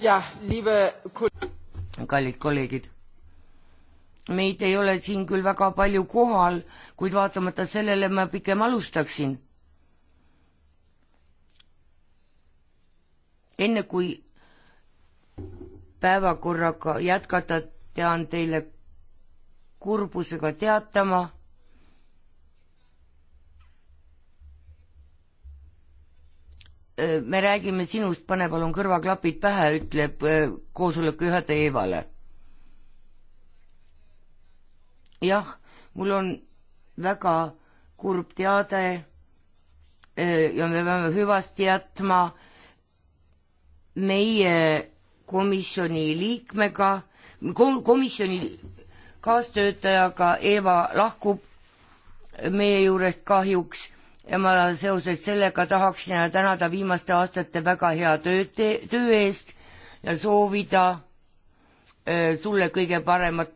jah, liive kallid kolleegid, meid ei ole siin küll väga palju kohal, kuid vaatamata sellele ma pigem alustaksin. enne kui päevakorraga jätkata, pean teile kurbusega teatama Äh, me räägime sinust, pane palun kõrvaklapid pähe, ütleb äh, koosoleku juhataja Evale. jah, mul on väga kurb teade äh, ja me peame hüvasti jätma meie komisjoni liikmega kom, komisjoni kaastöötajaga Eva lahkub meie juurest kahjuks ja ma seoses sellega tahaksin tänada viimaste aastate väga hea tööd, töö eest ja soovida äh, sulle kõige paremat.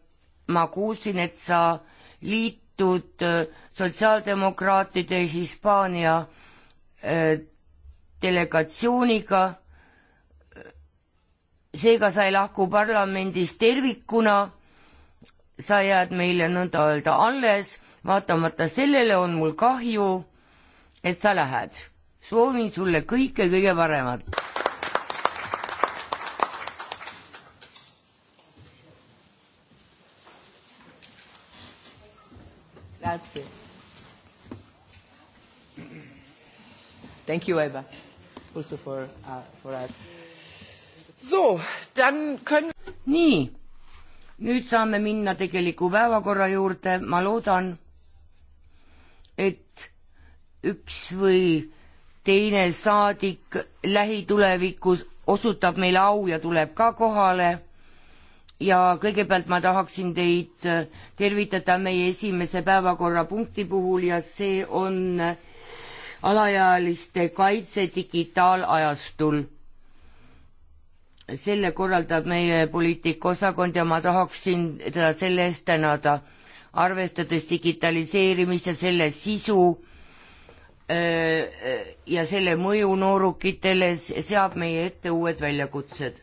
ma kuulsin, et sa liitud äh, sotsiaaldemokraatide Hispaania äh, delegatsiooniga. seega sa ei lahku parlamendist tervikuna. sa jääd meile nõnda öelda alles, vaatamata sellele on mul kahju et sa lähed. soovin sulle kõike kõige paremat. Grazie. Thank you, Eva, also for, uh, for us. So, dann können... nii, nüüd saame minna tegeliku päevakorra juurde, ma loodan, et üks või teine saadik lähitulevikus osutab meile au ja tuleb ka kohale. ja kõigepealt ma tahaksin teid tervitada meie esimese päevakorrapunkti puhul ja see on alaealiste kaitse digitaalajastul. selle korraldab meie poliitikaosakond ja ma tahaksin teda selle eest tänada, arvestades digitaliseerimist ja selle sisu Äh, äh, ja selle mõju noorukitele seab meie ette uued väljakutsed.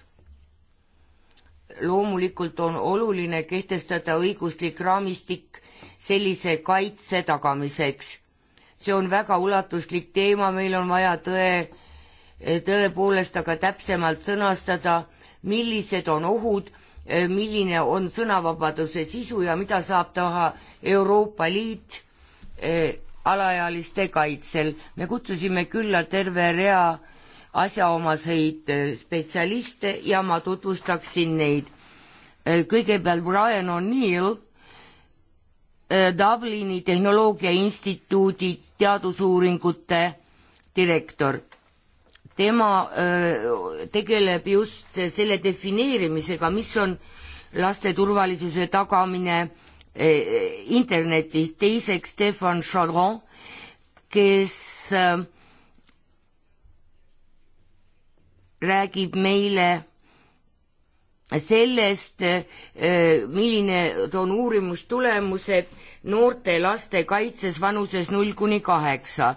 loomulikult on oluline kehtestada õiguslik raamistik sellise kaitse tagamiseks. see on väga ulatuslik teema, meil on vaja tõe, tõepoolest aga täpsemalt sõnastada, millised on ohud, äh, milline on sõnavabaduse sisu ja mida saab taha Euroopa Liit alaealiste kaitsel. me kutsusime külla terve rea asjaomaseid äh, spetsialiste ja ma tutvustaksin neid. Äh, kõigepealt Brian O'Neill, äh, Dublini Tehnoloogia Instituudi teadusuuringute direktor. tema tegeleb just selle defineerimisega, mis on laste turvalisuse tagamine Eh, internetis, teiseks Stefan Chaudron, kes eh, räägib meile sellest, eh, milline on uurimustulemused noorte laste kaitses vanuses null kuni kaheksa.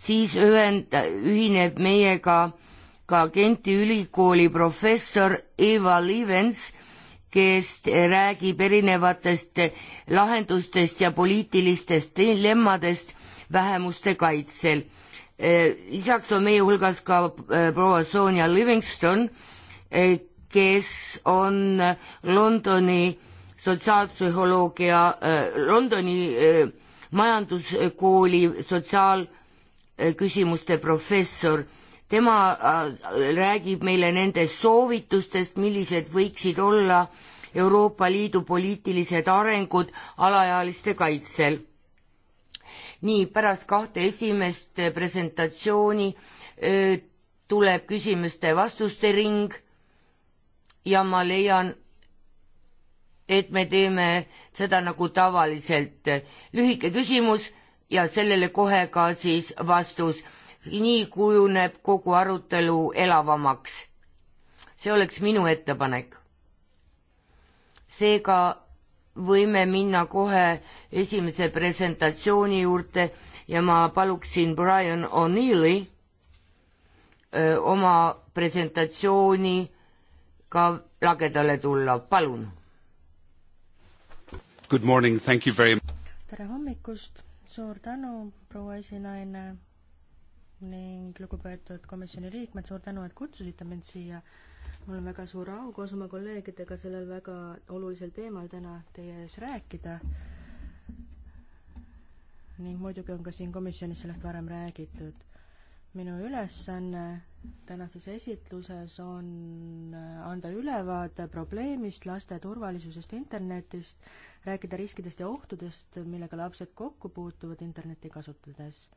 siis ühend-, ühineb meiega ka Genti ülikooli professor Eva Livens, kes räägib erinevatest lahendustest ja poliitilistest dilemmadest vähemuste kaitsel. Eh, lisaks on meie hulgas ka eh, proua Sonja Livingston, eh, kes on Londoni sotsiaalpsühholoogia, Londoni majanduskooli sotsiaalküsimuste professor tema äh, räägib meile nendest soovitustest, millised võiksid olla Euroopa Liidu poliitilised arengud alaealiste kaitsel. nii, pärast kahte esimest presentatsiooni öö, tuleb küsimuste-vastuste ring ja ma leian, et me teeme seda nagu tavaliselt, lühike küsimus ja sellele kohe ka siis vastus nii kujuneb kogu arutelu elavamaks. see oleks minu ettepanek. seega võime minna kohe esimese presentatsiooni juurde ja ma paluksin Brian O'Neilli oma presentatsiooni ka lagedale tulla, palun. Good morning, thank you very much. tere hommikust, suur tänu, proua esinaine ning lugupeetud komisjoni liikmed, suur tänu, et kutsusite mind siia. mul on väga suur au koos oma kolleegidega sellel väga olulisel teemal täna teie ees rääkida. ning muidugi on ka siin komisjonis sellest varem räägitud. minu ülesanne tänases esitluses on anda ülevaade probleemist, laste turvalisusest internetist, rääkida riskidest ja ohtudest, millega lapsed kokku puutuvad internetti kasutades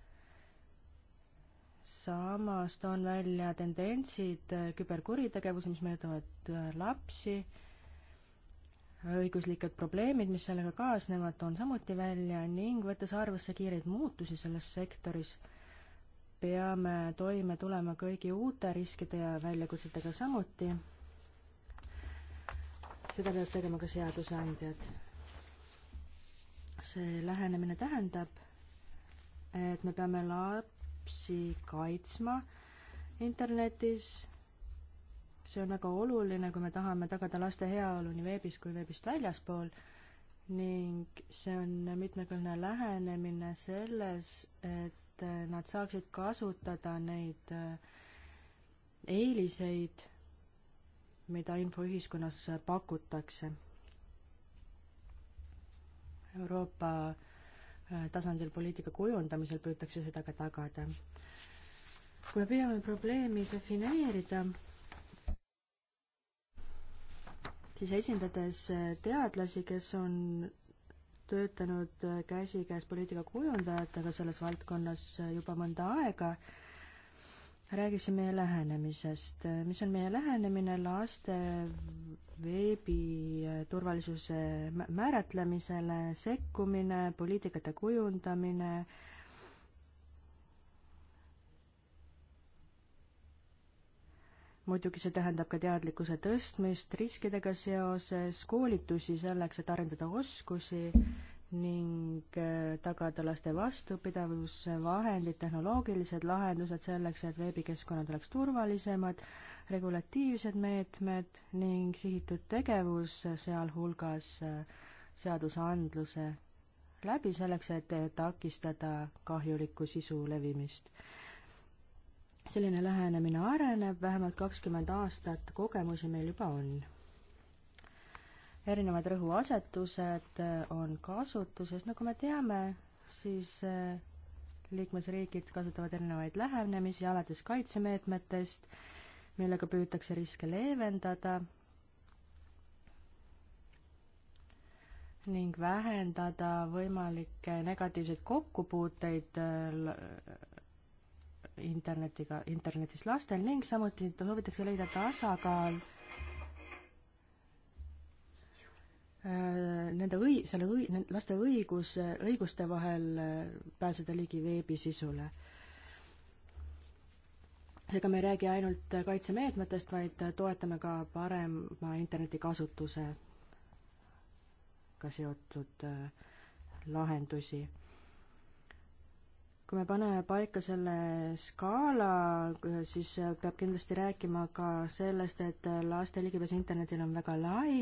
samas toon välja tendentsid äh, küberkuritegevuse, mis mõjutavad äh, lapsi, õiguslikud probleemid, mis sellega kaasnevad, toon samuti välja ning võttes arvesse kiireid muutusi selles sektoris, peame toime tulema kõigi uute riskide ja väljakutsetega samuti. seda peavad tegema ka seadusandjad. see lähenemine tähendab, et me peame lab-, lapsi kaitsma internetis. see on väga oluline, kui me tahame tagada laste heaolu nii veebis kui veebist väljaspool ning see on mitmekülgne lähenemine selles, et nad saaksid kasutada neid äh, eeliseid, mida infoühiskonnas pakutakse. Euroopa Äh, tasandil poliitika kujundamisel püütakse seda ka tagada. kui me püüame probleemi defineerida, siis esindades äh, teadlasi, kes on töötanud äh, käsikäes poliitika kujundajatega selles valdkonnas juba mõnda aega, räägiksin meie lähenemisest. mis on meie lähenemine laste veebi turvalisuse määratlemisele, sekkumine, poliitikate kujundamine, muidugi see tähendab ka teadlikkuse tõstmist riskidega seoses, koolitusi selleks, et arendada oskusi ning äh, tagada laste vastupidavus, vahendid, tehnoloogilised lahendused selleks, et veebikeskkonnad oleks turvalisemad, regulatiivsed meetmed ning sihitud tegevus, sealhulgas äh, seadusandluse läbi selleks, et äh, takistada kahjuliku sisu levimist. selline lähenemine areneb, vähemalt kakskümmend aastat kogemusi meil juba on erinevad rõhuasetused äh, on kasutuses, nagu me teame, siis äh, liikmesriigid kasutavad erinevaid lähenemisi, alates kaitsemeetmetest, millega püütakse riske leevendada ning vähendada võimalikke negatiivseid kokkupuuteid äh, internetiga, internetis lastel ning samuti soovitakse leida tasakaal ta Äh, nende õi-, selle õi-, laste õigus, õiguste vahel äh, pääseda ligi veebisisule. seega me ei räägi ainult kaitsemeetmetest, vaid toetame ka parema internetikasutusega seotud äh, lahendusi. kui me paneme paika selle skaala, siis peab kindlasti rääkima ka sellest, et laste ligipääs internetile on väga lai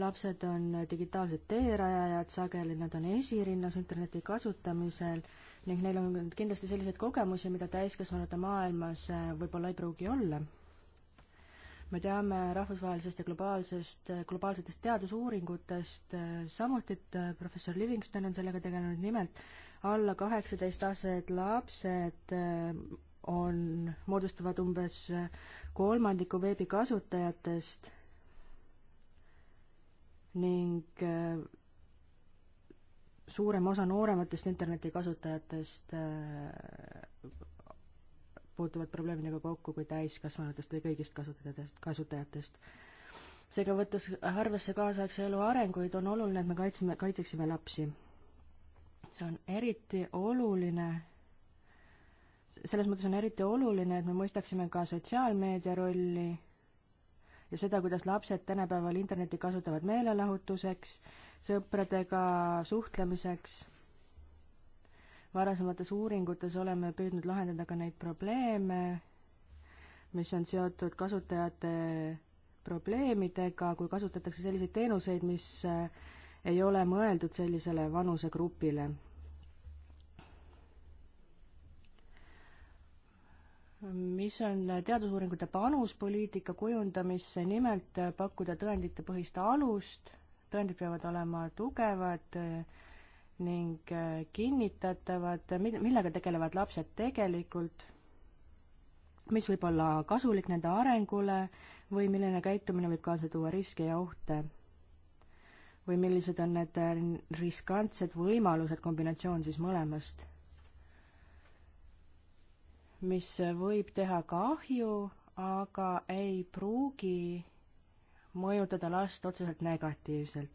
lapsed on digitaalsed teerajajad, sageli nad on esirinnas interneti kasutamisel ning neil on kindlasti selliseid kogemusi, mida täiskasvanute maailmas äh, võib-olla ei pruugi olla. me teame rahvusvahelisest ja globaalsest, äh, globaalsetest teadusuuringutest äh, samuti, et professor Livingston on sellega tegelenud, nimelt alla kaheksateistaastased lapsed on, moodustavad umbes kolmandiku veebikasutajatest ning äh, suurem osa noorematest internetikasutajatest äh, puutuvad probleemidega kokku kui täiskasvanutest või kõigist kasutajatest, kasutajatest. seega võttes arvesse kaasaegse elu arenguid, on oluline, et me kaitseme, kaitseksime lapsi. see on eriti oluline, selles mõttes on eriti oluline, et me mõistaksime ka sotsiaalmeedia rolli ja seda, kuidas lapsed tänapäeval Internetti kasutavad meelelahutuseks, sõpradega suhtlemiseks. varasemates uuringutes oleme püüdnud lahendada ka neid probleeme, mis on seotud kasutajate probleemidega, kui kasutatakse selliseid teenuseid, mis äh, ei ole mõeldud sellisele vanusegrupile mis on teadusuuringute panus poliitika kujundamisse, nimelt pakkuda tõenditepõhist alust, tõendid peavad olema tugevad ning kinnitatavad, millega tegelevad lapsed tegelikult, mis võib olla kasulik nende arengule või milline käitumine võib kaasa tuua riske ja ohte. või millised on need riskantsed võimalused, kombinatsioon siis mõlemast mis võib teha kahju, aga ei pruugi mõjutada last otseselt negatiivselt.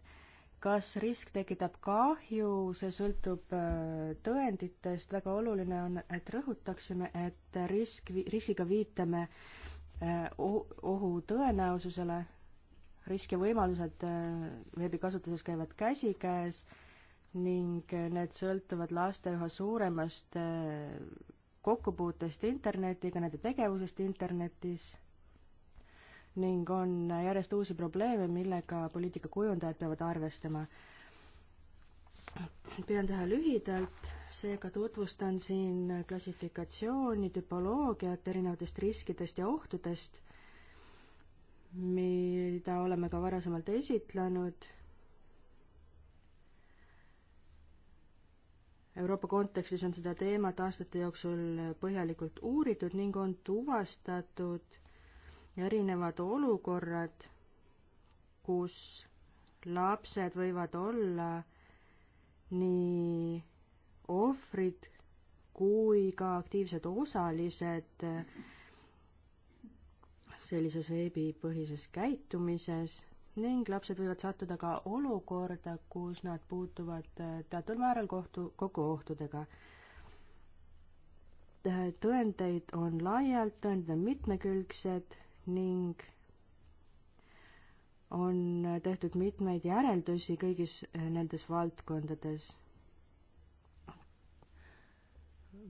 kas risk tekitab kahju, see sõltub äh, tõenditest, väga oluline on, et rõhutaksime, et risk, riskiga viitame äh, ohu tõenäosusele, risk ja võimalused äh, veebikasutuses käivad käsikäes ning need sõltuvad laste üha suuremast kokkupuutest internetiga, nende tegevusest internetis ning on järjest uusi probleeme, millega poliitikakujundajad peavad arvestama. püüan teha lühidalt, seega tutvustan siin klassifikatsiooni, tüpoloogiat erinevatest riskidest ja ohtudest, mida oleme ka varasemalt esitlenud Euroopa kontekstis on seda teemat aastate jooksul põhjalikult uuritud ning on tuvastatud erinevad olukorrad, kus lapsed võivad olla nii ohvrid kui ka aktiivsed osalised sellises veebipõhises käitumises ning lapsed võivad sattuda ka olukorda, kus nad puutuvad äh, teatud määral kohtu, kokkuohtudega. Äh, tõendeid on laialt, tõendid on mitmekülgsed ning on äh, tehtud mitmeid järeldusi kõigis nendes valdkondades.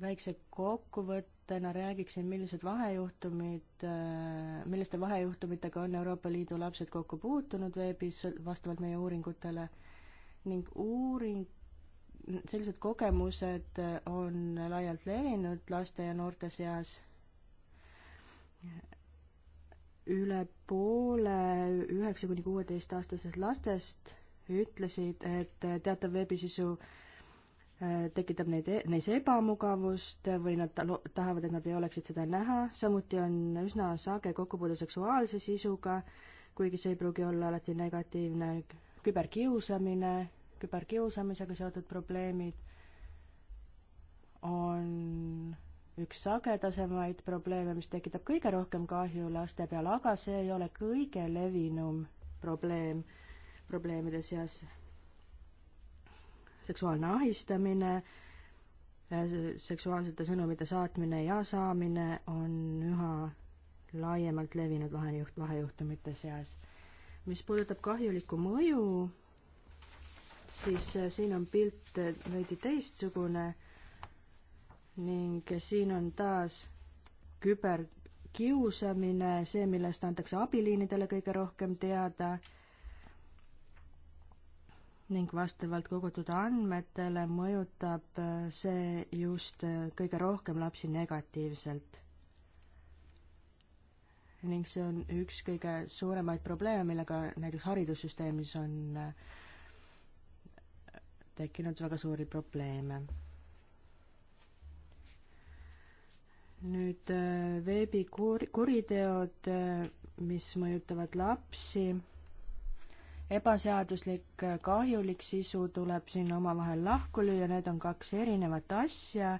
väikse kokkuvõtte algatajana räägiksin, millised vahejuhtumid, äh, milliste vahejuhtumitega on Euroopa Liidu lapsed kokku puutunud veebis vastavalt meie uuringutele ning uuring, sellised kogemused äh, on laialt levinud laste ja noorte seas. üle poole üheksa kuni kuueteistaastases lastest ütlesid, et teatav veebisisu äh, tekitab neid, e-, neis ebamugavust või nad tahavad, et nad ei oleksid seda näha, samuti on üsna sage kokkupuude seksuaalse sisuga, kuigi see ei pruugi olla alati negatiivne, küberkiusamine, küberkiusamisega seotud probleemid on üks sagedasemaid probleeme, mis tekitab kõige rohkem kahju laste peal, aga see ei ole kõige levinum probleem probleemide seas seksuaalne ahistamine, seksuaalsete sõnumite saatmine ja saamine on üha laiemalt levinud vahejuht, vahejuhtumite seas. mis puudutab kahjulikku mõju, siis eh, siin on pilt eh, veidi teistsugune ning siin on taas küberkiusamine, see, millest antakse abiliinidele kõige rohkem teada ning vastavalt kogutud andmetele mõjutab äh, see just äh, kõige rohkem lapsi negatiivselt. ning see on üks kõige suuremaid probleeme, millega näiteks haridussüsteemis on äh, tekkinud väga suuri probleeme. nüüd veebikuriteod, mis mõjutavad lapsi ebaseaduslik kahjulik sisu tuleb siin omavahel lahku lüüa, need on kaks erinevat asja,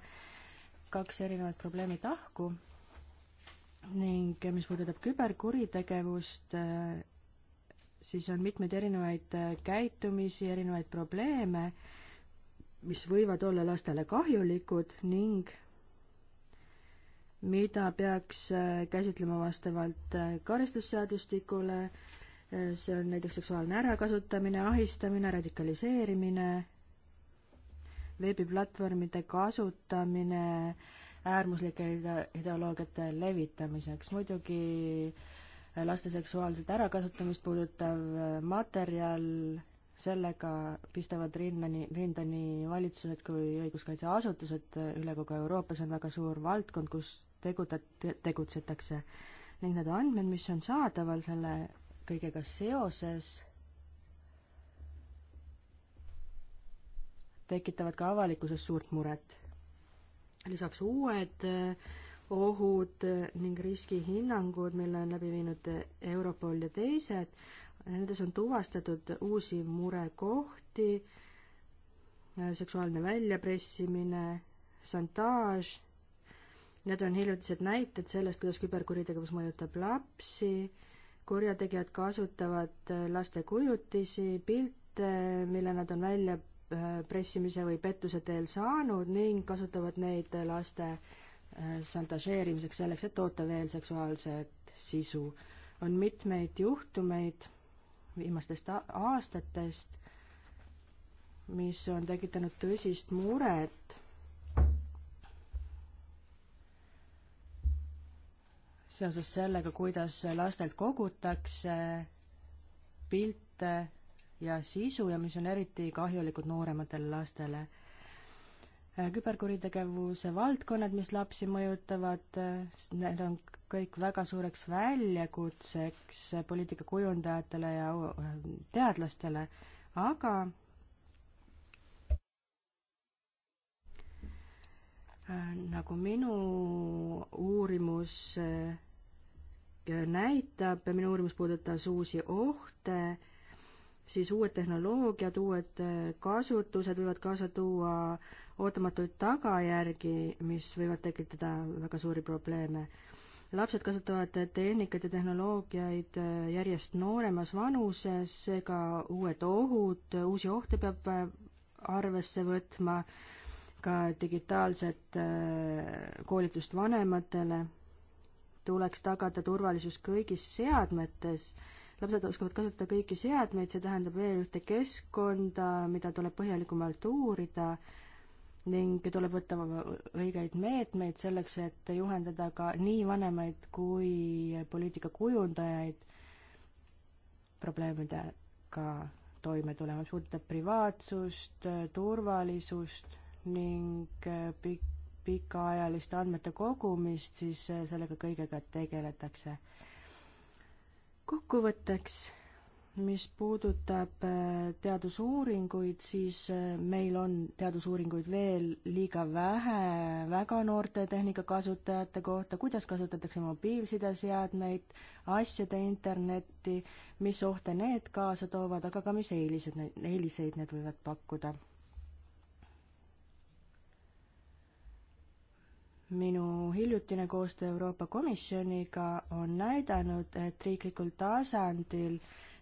kaks erinevat probleemi tahku. ning mis puudutab küberkuritegevust, siis on mitmeid erinevaid käitumisi, erinevaid probleeme, mis võivad olla lastele kahjulikud ning mida peaks käsitlema vastavalt karistusseadustikule, see on näiteks seksuaalne ärakasutamine, ahistamine, radikaliseerimine, veebiplatvormide kasutamine äärmuslike ideoloogiate levitamiseks. muidugi laste seksuaalset ärakasutamist puudutav materjal, sellega pistavad rinda nii, rinda nii valitsused kui õiguskaitseasutused üle kogu Euroopa, see on väga suur valdkond, kus teguda, tegutsetakse. ning need andmed, mis on saadaval selle kõigega seoses tekitavad ka avalikkuses suurt muret. lisaks uued äh, ohud äh, ning riskihinnangud, mille on läbi viinud äh, Europol ja teised, nendes on tuvastatud uusi murekohti, seksuaalne väljapressimine, šantaaž, need on hiljutised näited sellest, kuidas küberkuritegevus mõjutab lapsi kurjategijad kasutavad äh, laste kujutisi, pilte, mille nad on välja äh, pressimise või pettuse teel saanud ning kasutavad neid laste äh, šantažeerimiseks, selleks, et toota veel seksuaalset sisu. on mitmeid juhtumeid viimastest aastatest, mis on tekitanud tõsist muret seoses sellega, kuidas lastelt kogutakse pilte ja sisu ja mis on eriti kahjulikud noorematele lastele. küberkuritegevuse valdkonnad, mis lapsi mõjutavad, need on kõik väga suureks väljakutseks poliitika kujundajatele ja teadlastele, aga nagu minu uurimus näitab, minu uurimus puudutas uusi ohte, siis uued tehnoloogiad, uued äh, kasutused võivad kaasa tuua ootamatuid tagajärgi, mis võivad tekitada väga suuri probleeme. lapsed kasutavad tehnikat ja tehnoloogiaid äh, järjest nooremas vanuses, seega uued ohud, uusi ohte peab äh, arvesse võtma, ka digitaalset koolitust vanematele tuleks tagada turvalisus kõigis seadmetes. lapsed oskavad kasutada kõiki seadmeid, see tähendab veel ühte keskkonda, mida tuleb põhjalikumalt uurida ning tuleb võtta õigeid meetmeid selleks, et juhendada ka nii vanemaid kui poliitikakujundajaid probleemidega toime tulema, mis puudutab privaatsust, turvalisust ning pikk pikaajaliste andmete kogumist, siis äh, sellega kõigega tegeletakse. kokkuvõtteks, mis puudutab äh, teadusuuringuid, siis äh, meil on teadusuuringuid veel liiga vähe väga noorte tehnika kasutajate kohta, kuidas kasutatakse mobiilsideseadmeid, asjade internetti, mis ohte need kaasa toovad, aga ka mis eelised, eeliseid need võivad pakkuda minu hiljutine koostöö Euroopa Komisjoniga on näidanud, et riiklikul tasandil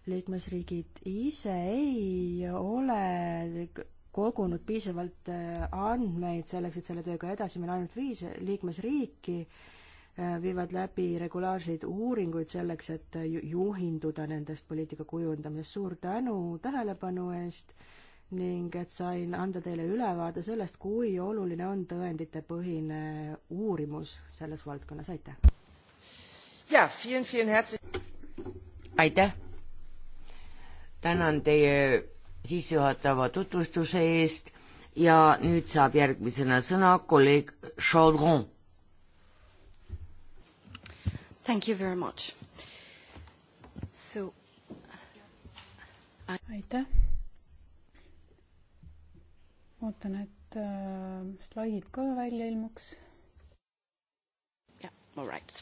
liikmesriigid ise ei ole kogunud piisavalt äh, andmeid selleks, et selle tööga edasi minna, ainult viis liikmesriiki äh, viivad läbi regulaarseid uuringuid selleks, et äh, juhinduda nendest poliitika kujundamisest. suur tänu tähelepanu eest ning et sain anda teile ülevaade sellest, kui oluline on tõenditepõhine uurimus selles valdkonnas, aitäh! aitäh! tänan teie sissejuhatava tutvustuse eest ja nüüd saab järgmisena sõna kolleeg Chaudron. Thank you very much. So I... aitäh ootan, et äh, slaidid ka välja ilmuks. jah yeah,, all right.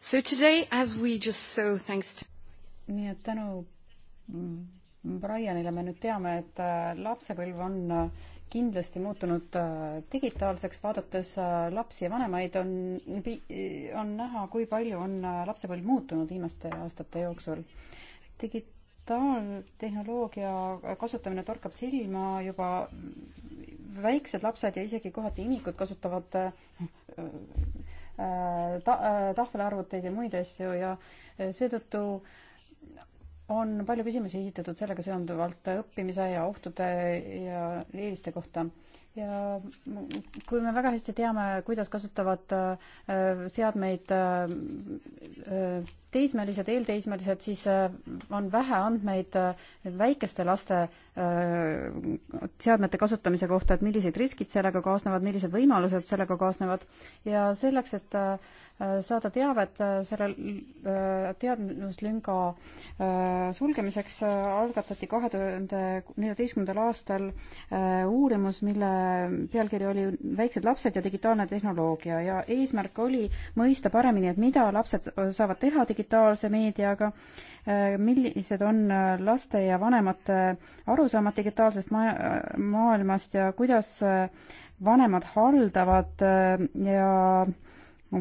So today as we just saw thanks to nii et tänu mm, Brianile me nüüd teame, et äh, lapsepõlv on äh, kindlasti muutunud äh, digitaalseks, vaadates lapsi ja vanemaid on, on näha, kui palju on lapsepõlv muutunud viimaste aastate jooksul. digi-, digitaaltehnoloogia kasutamine torkab silma juba väiksed lapsed ja isegi kohati imikud kasutavad äh, äh, ta-, äh, tahvelarvuteid ja muid asju ja seetõttu on palju küsimusi esitatud sellega seonduvalt õppimise ja ohtude ja eeliste kohta. ja kui me väga hästi teame, kuidas kasutavad seadmeid teismelised, eelteismelised, siis äh, on vähe andmeid äh, väikeste laste äh, seadmete kasutamise kohta, et millised riskid sellega kaasnevad, millised võimalused sellega kaasnevad ja selleks, et saada teavet selle teadmuslünga sulgemiseks algatati kahe tuhande neljateistkümnendal aastal uurimus, mille pealkiri oli Väiksed lapsed ja digitaalne tehnoloogia ja eesmärk oli mõista paremini, et mida lapsed saavad teha digitaalselt, digitaalse meediaga, äh, millised on äh, laste ja vanemate arusaamad digitaalsest ma maailmast ja kuidas äh, vanemad haldavad ja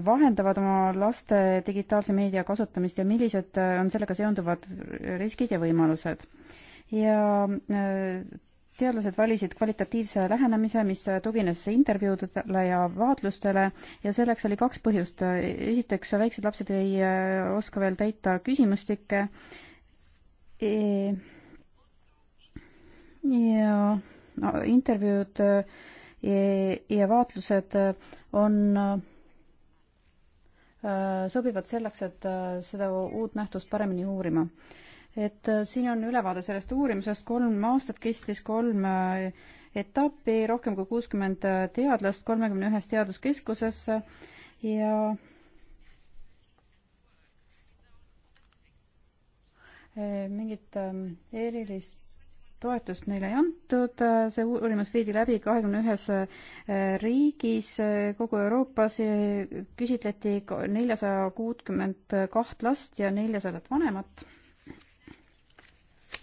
vahendavad oma laste digitaalse meedia kasutamist ja millised on sellega seonduvad riskid ja võimalused. ja teadlased valisid kvalitatiivse lähenemise, mis tugines intervjuudele ja vaatlustele ja selleks oli kaks põhjust. esiteks, väiksed lapsed ei äh, oska veel täita küsimustikke e. ja no, intervjuud e ja vaatlused on äh, sobivad selleks, et äh, seda uut nähtust paremini uurima et äh, siin on ülevaade sellest uurimusest, kolm aastat kestis kolm äh, etappi, rohkem kui kuuskümmend äh, teadlast kolmekümne ühes teaduskeskuses ja mingit ähm, erilist toetust neile ei antud, see uurimus viidi läbi kahekümne ühes riigis kogu Euroopas, küsitleti neljasaja kuutkümmend kaht last ja neljasadat vanemat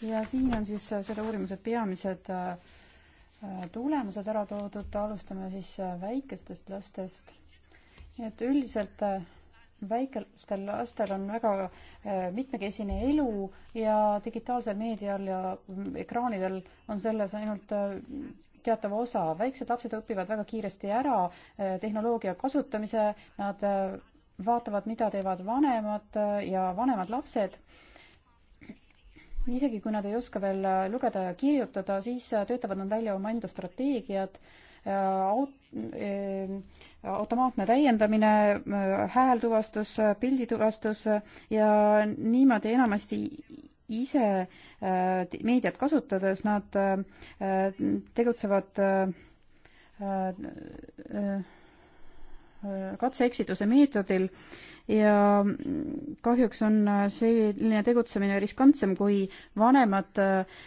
ja siin on siis äh, selle uurimuse peamised äh, äh, tulemused ära toodud, alustame siis väikestest lastest. nii et üldiselt väikestel lastel on väga mitmekesine elu ja digitaalsel meedial ja mm, ekraanidel on selles ainult teatav osa. väiksed lapsed õpivad väga kiiresti ära tehnoloogia kasutamise, nad vaatavad, mida teevad vanemad ja vanemad lapsed isegi kui nad ei oska veel lugeda ja kirjutada, siis töötavad nad välja omaenda strateegiad äh, aut-, äh, automaatne täiendamine, äh, häältuvastus, pildituvastus ja niimoodi enamasti ise meediat kasutades nad tegutsevad katse-eksituse meetodil ja kahjuks on selline tegutsemine riskantsem, kui vanemad äh,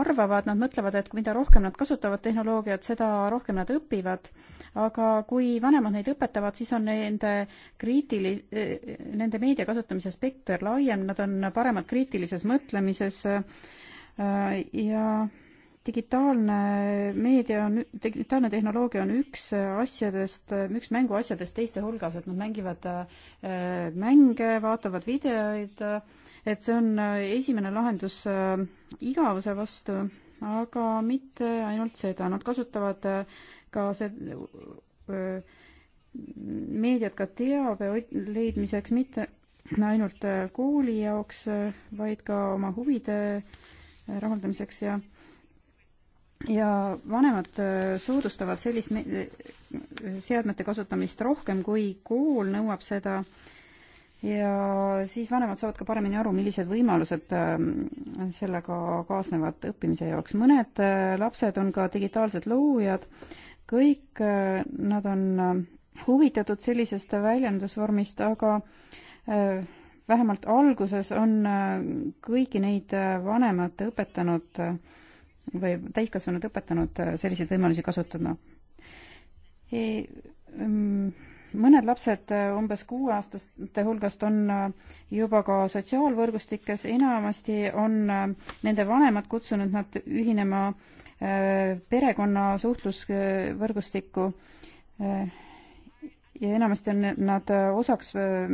arvavad, nad mõtlevad, et mida rohkem nad kasutavad tehnoloogiat, seda rohkem nad õpivad, aga kui vanemad neid õpetavad, siis on nende kriitili-, äh, nende meedia kasutamise spekter laiem, nad on paremad kriitilises mõtlemises äh, ja digitaalne meedia on, digitaalne tehnoloogia on üks asjadest, üks mänguasjadest teiste hulgas, et nad mängivad äh, mänge, vaatavad videoid, et see on äh, esimene lahendus äh, igavuse vastu, aga mitte ainult seda, nad kasutavad ka see meediat ka teabe leidmiseks, mitte ainult kooli jaoks, vaid ka oma huvide rahuldamiseks ja äh, ja vanemad äh, soodustavad sellist seadmete kasutamist rohkem, kui kool nõuab seda ja siis vanemad saavad ka paremini aru, millised võimalused ähm, sellega kaasnevad õppimise jaoks. mõned äh, lapsed on ka digitaalsed loojad, kõik äh, nad on huvitatud sellisest väljendusvormist, aga vähemalt alguses on kõiki neid vanemad õpetanud või täiskasvanud õpetanud äh, selliseid võimalusi kasutada. E, mm, mõned lapsed äh, umbes kuueaastaste hulgast on äh, juba ka sotsiaalvõrgustikes, enamasti on nende vanemad kutsunud nad ühinema perekonna suhtlusvõrgustikku ja enamasti on nad osaks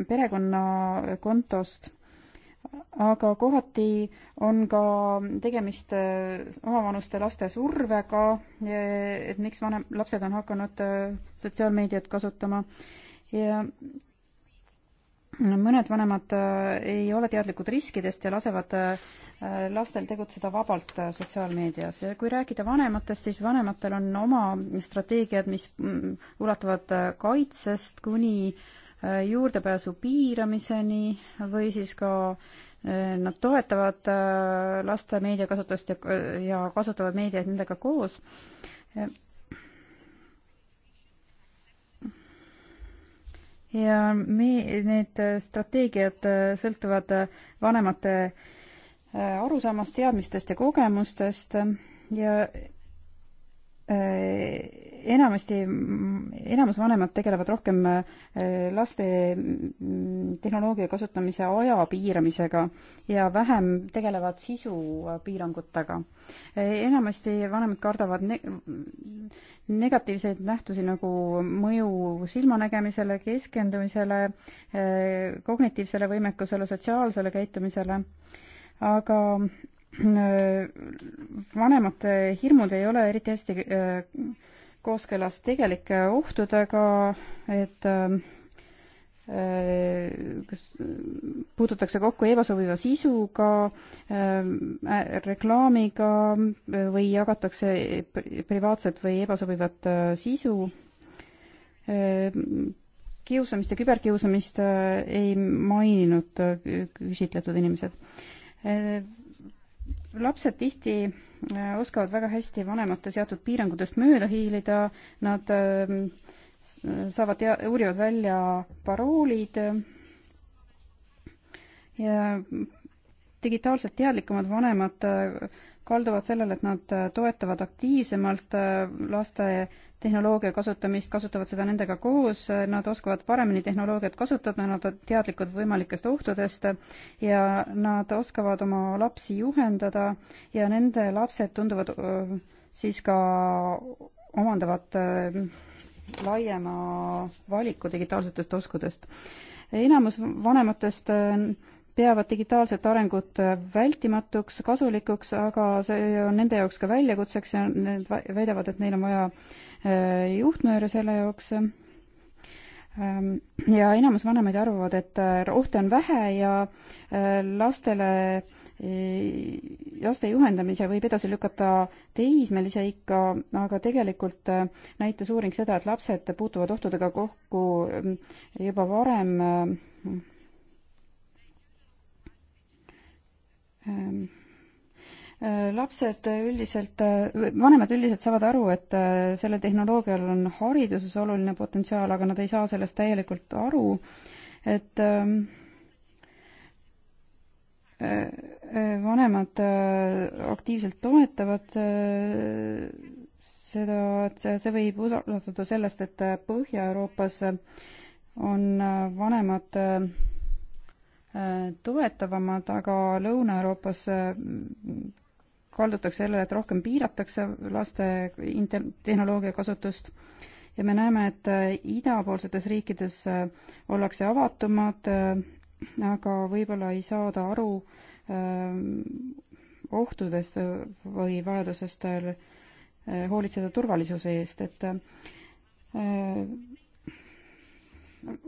perekonnakontost aga kohati on ka tegemist äh, omavanuste laste survega, et miks vanem, lapsed on hakanud äh, sotsiaalmeediat kasutama ja mõned vanemad äh, ei ole teadlikud riskidest ja lasevad lastel tegutseda vabalt sotsiaalmeedias. ja kui rääkida vanematest, siis vanematel on oma strateegiad, mis mm, ulatuvad kaitsest kuni äh, Äh, juurdepääsu piiramiseni või siis ka äh, nad toetavad äh, laste meediakasutust ja, ja kasutavad meediat nendega koos. ja me, need strateegiad sõltuvad vanemate arusaamast, teadmistest ja kogemustest ja enamasti, enamus vanemad tegelevad rohkem äh, laste mm, tehnoloogia kasutamise aja piiramisega ja vähem tegelevad sisu piirangutega. Äh, enamasti vanemad kardavad ne-, negatiivseid nähtusi nagu mõju silmanägemisele, keskendumisele, äh, kognitiivsele võimekusele, sotsiaalsele käitumisele, aga vanemate hirmud ei ole eriti hästi kooskõlas tegelike ohtudega, et äh, kas puututakse kokku ebasobiva sisuga äh,, reklaamiga või jagatakse privaatset või ebasobivat äh, sisu äh,. kiusamist ja küberkiusamist äh, ei maininud äh, küsitletud inimesed äh, lapsed tihti äh, oskavad väga hästi vanemate seatud piirangutest mööda hiilida, nad ähm, saavad tea-, uurivad välja paroolid ja digitaalselt teadlikumad vanemad äh, kalduvad sellele, et nad äh, toetavad aktiivsemalt laste tehnoloogia kasutamist, kasutavad seda nendega koos, nad oskavad paremini tehnoloogiat kasutada, nad on teadlikud võimalikest ohtudest ja nad oskavad oma lapsi juhendada ja nende lapsed tunduvad siis ka omandavad laiema valiku digitaalsetest oskudest. enamus vanematest peavad digitaalset arengut äh, vältimatuks, kasulikuks, aga see on nende jaoks ka väljakutseks ja need väidavad, et neil on vaja äh, juhtnööre selle jaoks. Ähm, ja enamus vanemaid arvavad, et äh, ohte on vähe ja lastele, e, laste juhendamise võib edasi lükata teismelise ikka, aga tegelikult näitas uuring seda, et lapsed puutuvad ohtudega kokku ähm, juba varem Ähm, äh, lapsed üldiselt, äh, vanemad üldiselt saavad aru, et äh, sellel tehnoloogial on hariduses oluline potentsiaal, aga nad ei saa sellest täielikult aru, et ähm, vanemad aktiivselt toetavad seda, et see võib usaldada sellest, et Põhja-Euroopas on vanemad toetavamad, aga Lõuna-Euroopas mm, kaldutakse sellele, et rohkem piiratakse laste inter-, tehnoloogia kasutust ja me näeme, et äh, idapoolsetes riikides äh, ollakse avatumad, äh, aga võib-olla ei saada aru ohtudest või vajadusest hoolitseda turvalisuse eest, et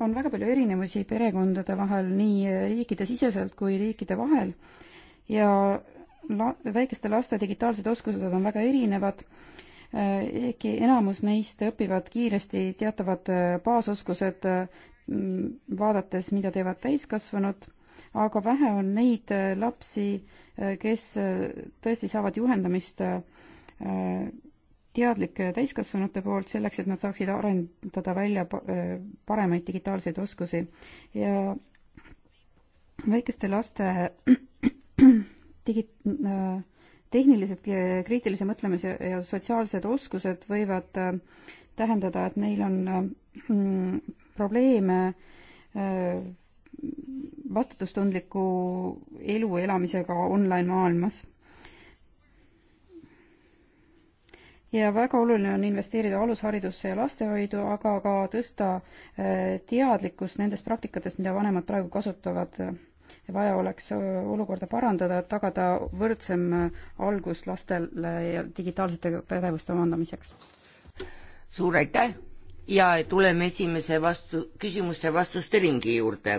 on väga palju erinevusi perekondade vahel nii riikide siseselt kui riikide vahel ja la-, väikeste laste digitaalsed oskused on väga erinevad, ehkki enamus neist õpivad kiiresti teatavad baasoskused, mm, vaadates, mida teevad täiskasvanud, aga vähe on neid lapsi, kes tõesti saavad juhendamist äh, teadlike täiskasvanute poolt, selleks et nad saaksid arendada välja äh, paremaid digitaalseid oskusi ja väikeste laste digi-, äh, tehnilised, äh, kriitilise mõtlemise ja sotsiaalsed oskused võivad tähendada, et neil on mm, probleeme vastutustundliku elu elamisega online maailmas ja väga oluline on investeerida alusharidusse ja lastehoidu, aga ka tõsta eh, teadlikkust nendest praktikatest, mida vanemad praegu kasutavad. vaja oleks eh, olukorda parandada, et tagada võrdsem eh, algus lastele ja digitaalsete pädevuste omandamiseks. suur aitäh ja tuleme esimese vastu, küsimuste-vastuste ringi juurde.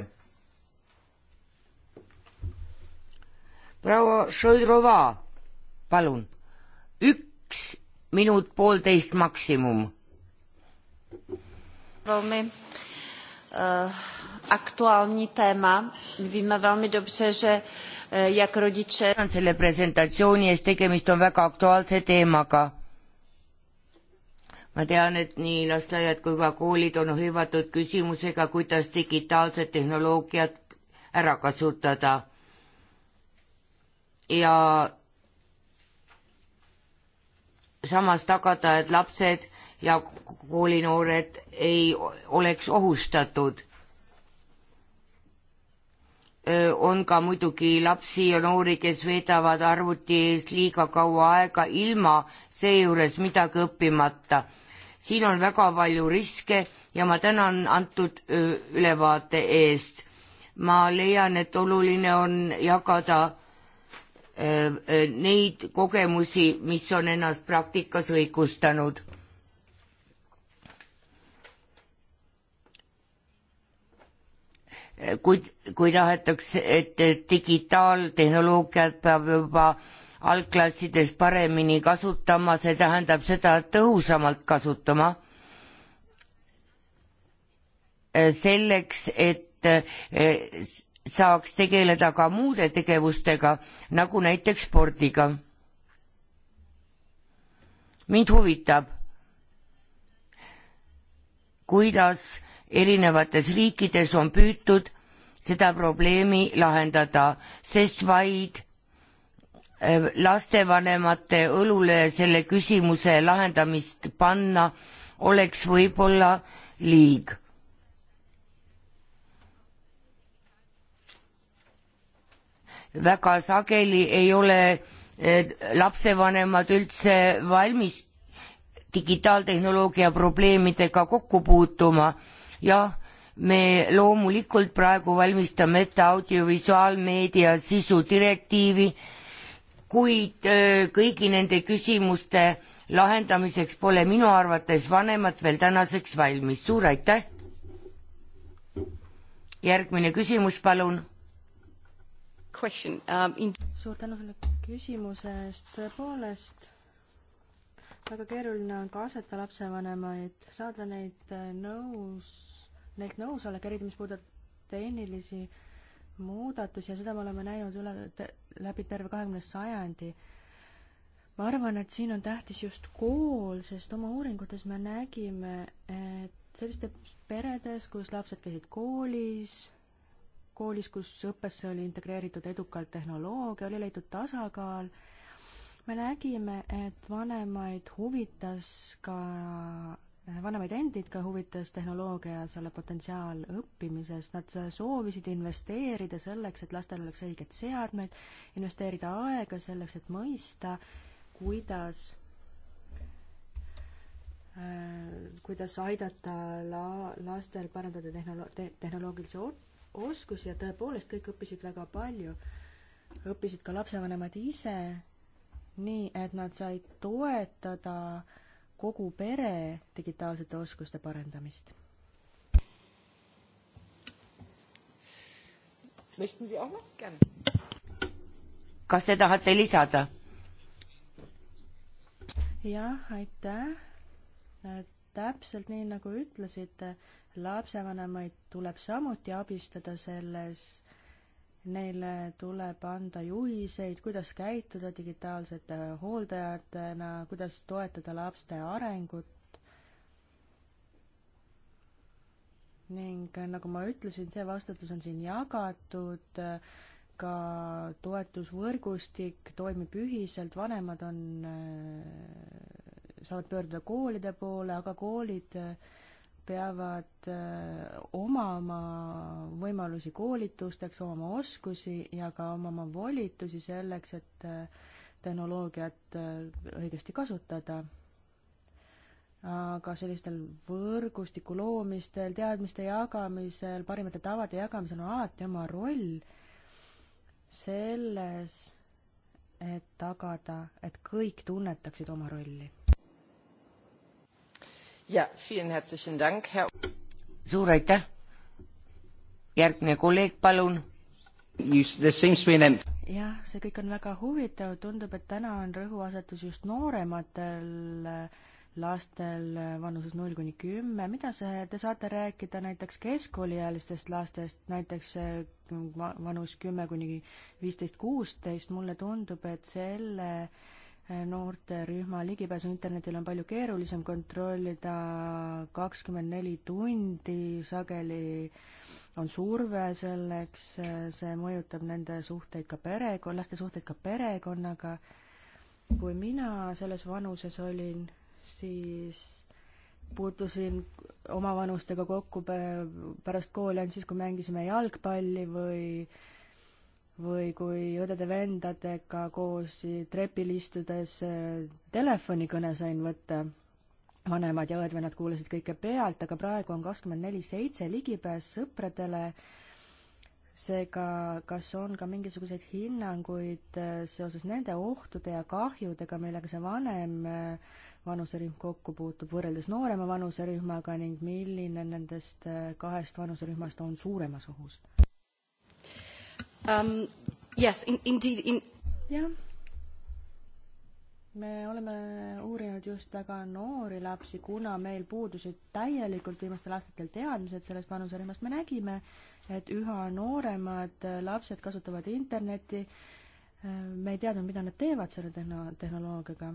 proua Šoirova, palun, üks minut poolteist maksimum. Velmi uh, aktuální téma. Víme velmi dobře, že uh, jak rodiče... Selle presentatsiooni eest tegemist on väga aktuaalse teemaga. Ma tean, et nii lasteaiad kui ka koolid on hõivatud küsimusega, kuidas digitaalset tehnoloogiat ära kasutada. Ja samas tagada, et lapsed ja koolinoored ei oleks ohustatud. on ka muidugi lapsi ja noori, kes veedavad arvuti ees liiga kaua aega ilma seejuures midagi õppimata. siin on väga palju riske ja ma tänan antud ülevaate eest. ma leian, et oluline on jagada Äh, äh, neid kogemusi, mis on ennast praktikas õigustanud. kuid, kui tahetakse, et digitaaltehnoloogiat peab juba algklassides paremini kasutama, see tähendab seda, et tõhusamalt kasutama äh, selleks, et saaks tegeleda ka muude tegevustega, nagu näiteks spordiga. mind huvitab, kuidas erinevates riikides on püütud seda probleemi lahendada, sest vaid äh, lastevanemate õlule selle küsimuse lahendamist panna oleks võib-olla liig väga sageli ei ole eh, lapsevanemad üldse valmis digitaaltehnoloogia probleemidega kokku puutuma. jah, me loomulikult praegu valmistame ette audiovisuaalmeedia sisu direktiivi, kuid eh, kõigi nende küsimuste lahendamiseks pole minu arvates vanemad veel tänaseks valmis. suur aitäh! järgmine küsimus, palun question um,. In... suur tänu selle küsimuse eest, tõepoolest väga keeruline on kaasata lapsevanemaid, saada neid äh, nõus, neilt nõusolek, eriti mis puudutab tehnilisi muudatusi ja seda me oleme näinud üle te,, läbi terve kahekümne sajandi. ma arvan, et siin on tähtis just kool, sest oma uuringutes me nägime, et sellistes peredes, kus lapsed käisid koolis, koolis, kus õppesse oli integreeritud edukalt tehnoloogia, oli leitud tasakaal, me nägime, et vanemaid huvitas ka, vanemaid endid ka huvitas tehnoloogia ja selle potentsiaal õppimises, nad soovisid investeerida selleks, et lastel oleks õiged seadmed, investeerida aega selleks, et mõista, kuidas äh, kuidas aidata la-, lastel parandada tehnolo-, te-, tehnoloogilisi ot-, oskusi ja tõepoolest kõik õppisid väga palju. õppisid ka lapsevanemad ise, nii et nad said toetada kogu pere digitaalsete oskuste parendamist. kas te tahate lisada? jah, aitäh täpselt nii, nagu ütlesite, lapsevanemaid tuleb samuti abistada selles, neile tuleb anda juhiseid, kuidas käituda digitaalsete hooldajatena, kuidas toetada laste arengut. ning nagu ma ütlesin, see vastutus on siin jagatud, ka toetusvõrgustik toimib ühiselt, vanemad on, saavad pöörduda koolide poole, aga koolid äh, peavad äh, omama võimalusi koolitusteks, omama oskusi ja ka omama volitusi selleks, et äh, tehnoloogiat äh, õigesti kasutada. aga sellistel võrgustiku loomistel, teadmiste jagamisel, parimate tavade jagamisel on alati oma roll selles, et tagada, et kõik tunnetaksid oma rolli suur aitäh. järgmine kolleeg, palun. jah, see kõik on väga huvitav, tundub, et täna on rõhuasetus just noorematel äh, lastel äh, vanuses null kuni kümme, mida see, te saate rääkida näiteks keskkooliealistest lastest, näiteks äh, vanus kümme kuni viisteist, kuusteist, mulle tundub, et selle äh, noorterühma ligipääsu internetile on palju keerulisem kontrollida kakskümmend neli tundi, sageli on surve selleks, see mõjutab nende suhteid ka perekon-, laste suhteid ka perekonnaga. kui mina selles vanuses olin, siis puutusin oma vanustega kokku pärast kooli ainult siis, kui mängisime jalgpalli või äh, või kui õdede-vendadega koos trepil istudes äh, telefonikõne sain võtta, vanemad ja õed-vennad kuulasid kõike pealt, aga praegu on kakskümmend neli seitse ligipääs sõpradele, seega kas on ka mingisuguseid hinnanguid äh, seoses nende ohtude ja kahjudega, millega see vanem äh, vanuserühm kokku puutub võrreldes noorema vanuserühmaga ning milline nendest kahest vanuserühmast on suuremas ohus? um,? Yes in,, indeed in.... jah. me oleme uurinud just väga noori lapsi, kuna meil puudusid täielikult viimastel aastatel teadmised sellest vanuserühmast, me nägime, et üha nooremad lapsed kasutavad internetti. me ei teadnud, mida nad teevad selle tehno-, tehnoloogiaga.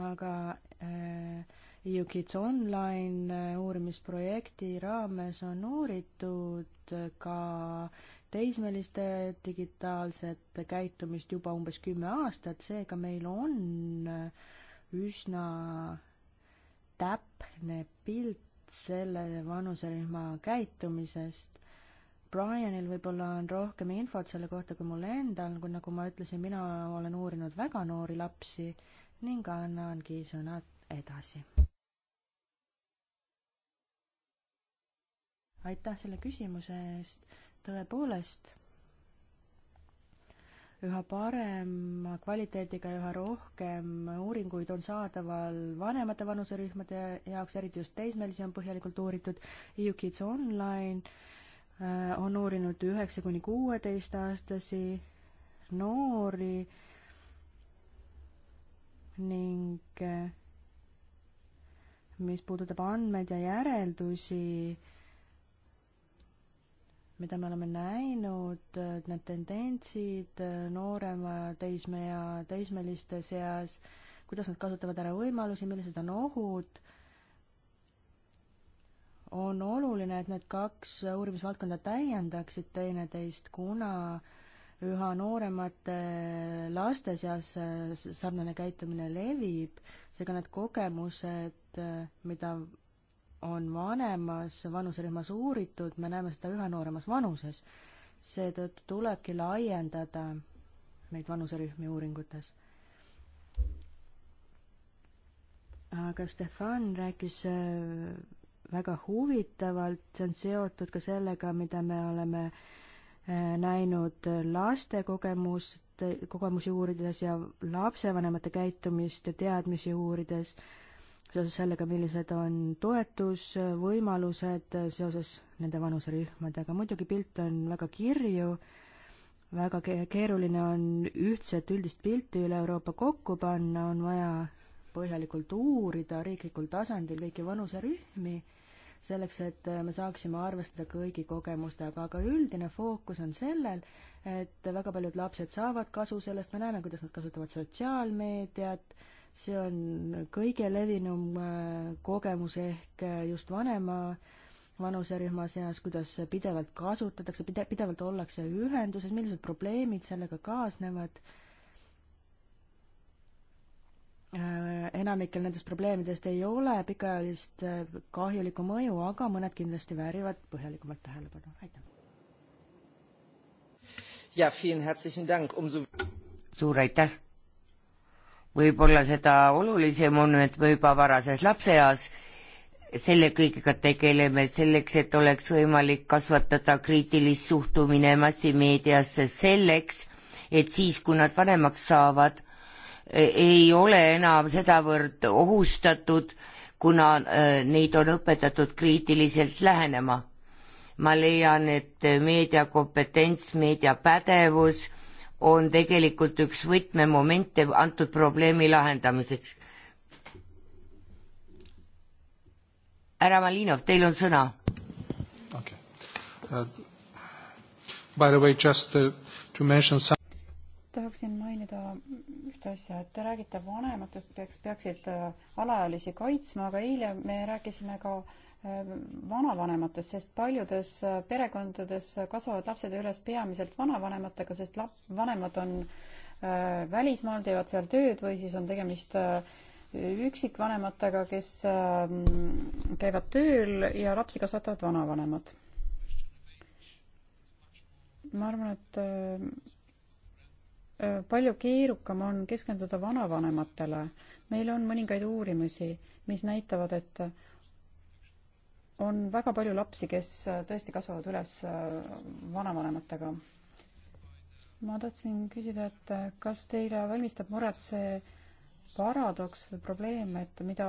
aga äh, eh, EU Kids Online eh, uurimisprojekti raames on uuritud uurinud ka teismeliste digitaalset käitumist juba umbes kümme aastat, seega meil on üsna täpne pilt selle vanuserühma käitumisest. Brianil võib-olla on rohkem infot selle kohta kui mul endal, kui nagu ma ütlesin, mina olen uurinud väga noori lapsi ning annangi sõnad edasi aitäh selle küsimuse eest, tõepoolest, üha parema kvaliteediga, üha rohkem uuringuid on saadaval vanemate vanuserühmade jaoks, eriti just teismelisi on põhjalikult uuritud, EUKids Online äh, on uurinud üheksa kuni kuueteistaastasi noori ning äh, mis puudutab andmeid ja järeldusi, mida me oleme näinud, need tendentsid äh, noorema teismee ja teismeliste seas, kuidas nad kasutavad ära võimalusi, millised on ohud, on oluline, et need kaks uurimisvaldkonda täiendaksid teineteist, kuna üha nooremate laste seas äh, sarnane käitumine levib, seega need kogemused, äh, mida on vanemas vanuserühmas uuritud, me näeme seda üha nooremas vanuses. seetõttu tulebki laiendada neid vanuserühmi uuringutes. aga Stefan rääkis äh, väga huvitavalt, see on seotud ka sellega, mida me oleme äh, näinud laste kogemust, kogemusi uurides ja lapsevanemate käitumist ja teadmisi uurides seoses sellega, millised on toetusvõimalused seoses nende vanuserühmadega. muidugi pilt on väga kirju, väga keeruline on ühtset üldist pilti üle Euroopa kokku panna, on vaja põhjalikult uurida riiklikul tasandil kõiki vanuserühmi, selleks et me saaksime arvestada kõigi kogemustega, aga üldine fookus on sellel, et väga paljud lapsed saavad kasu sellest, me näeme, kuidas nad kasutavad sotsiaalmeediat, see on kõige levinum äh, kogemus ehk äh, just vanema vanuserühma seas, kuidas pidevalt kasutatakse, pide-, pidevalt ollakse ühenduses, millised probleemid sellega kaasnevad. Äh, enamikel nendest probleemidest ei ole pikaajalist kahjulikku mõju, aga mõned kindlasti väärivad põhjalikumat tähelepanu, aitäh. suur aitäh võib-olla seda olulisem on, et me juba varases lapseeas selle kõigega tegeleme, selleks, et oleks võimalik kasvatada kriitilist suhtumine massimeediasse, selleks, et siis, kui nad vanemaks saavad, ei ole enam sedavõrd ohustatud, kuna äh, neid on õpetatud kriitiliselt lähenema. ma leian, et meediakompetents, meediapädevus on tegelikult üks võtmemomente antud probleemi lahendamiseks. härra Malinov, teil on sõna. okei okay. uh,. By the way just uh, to mention some tahaksin mainida ühte asja, et te räägite vanematest peaks, peaksid uh, alaealisi kaitsma, aga eile me rääkisime ka äh, vanavanematest, sest paljudes äh, perekondades äh, kasvavad lapsed üles peamiselt vanavanematega, sest lap-, vanemad on äh, välismaal, teevad seal tööd või siis on tegemist üksikvanematega, kes ähm, käivad tööl ja lapsi kasvatavad vanavanemad. ma arvan, et palju keerukam on keskenduda vanavanematele. meil on mõningaid uurimusi, mis näitavad, et on väga palju lapsi, kes äh, tõesti kasvavad üles äh, vanavanematega. ma tahtsin küsida, et äh, kas teile valmistab muret see paradoks või probleem, et mida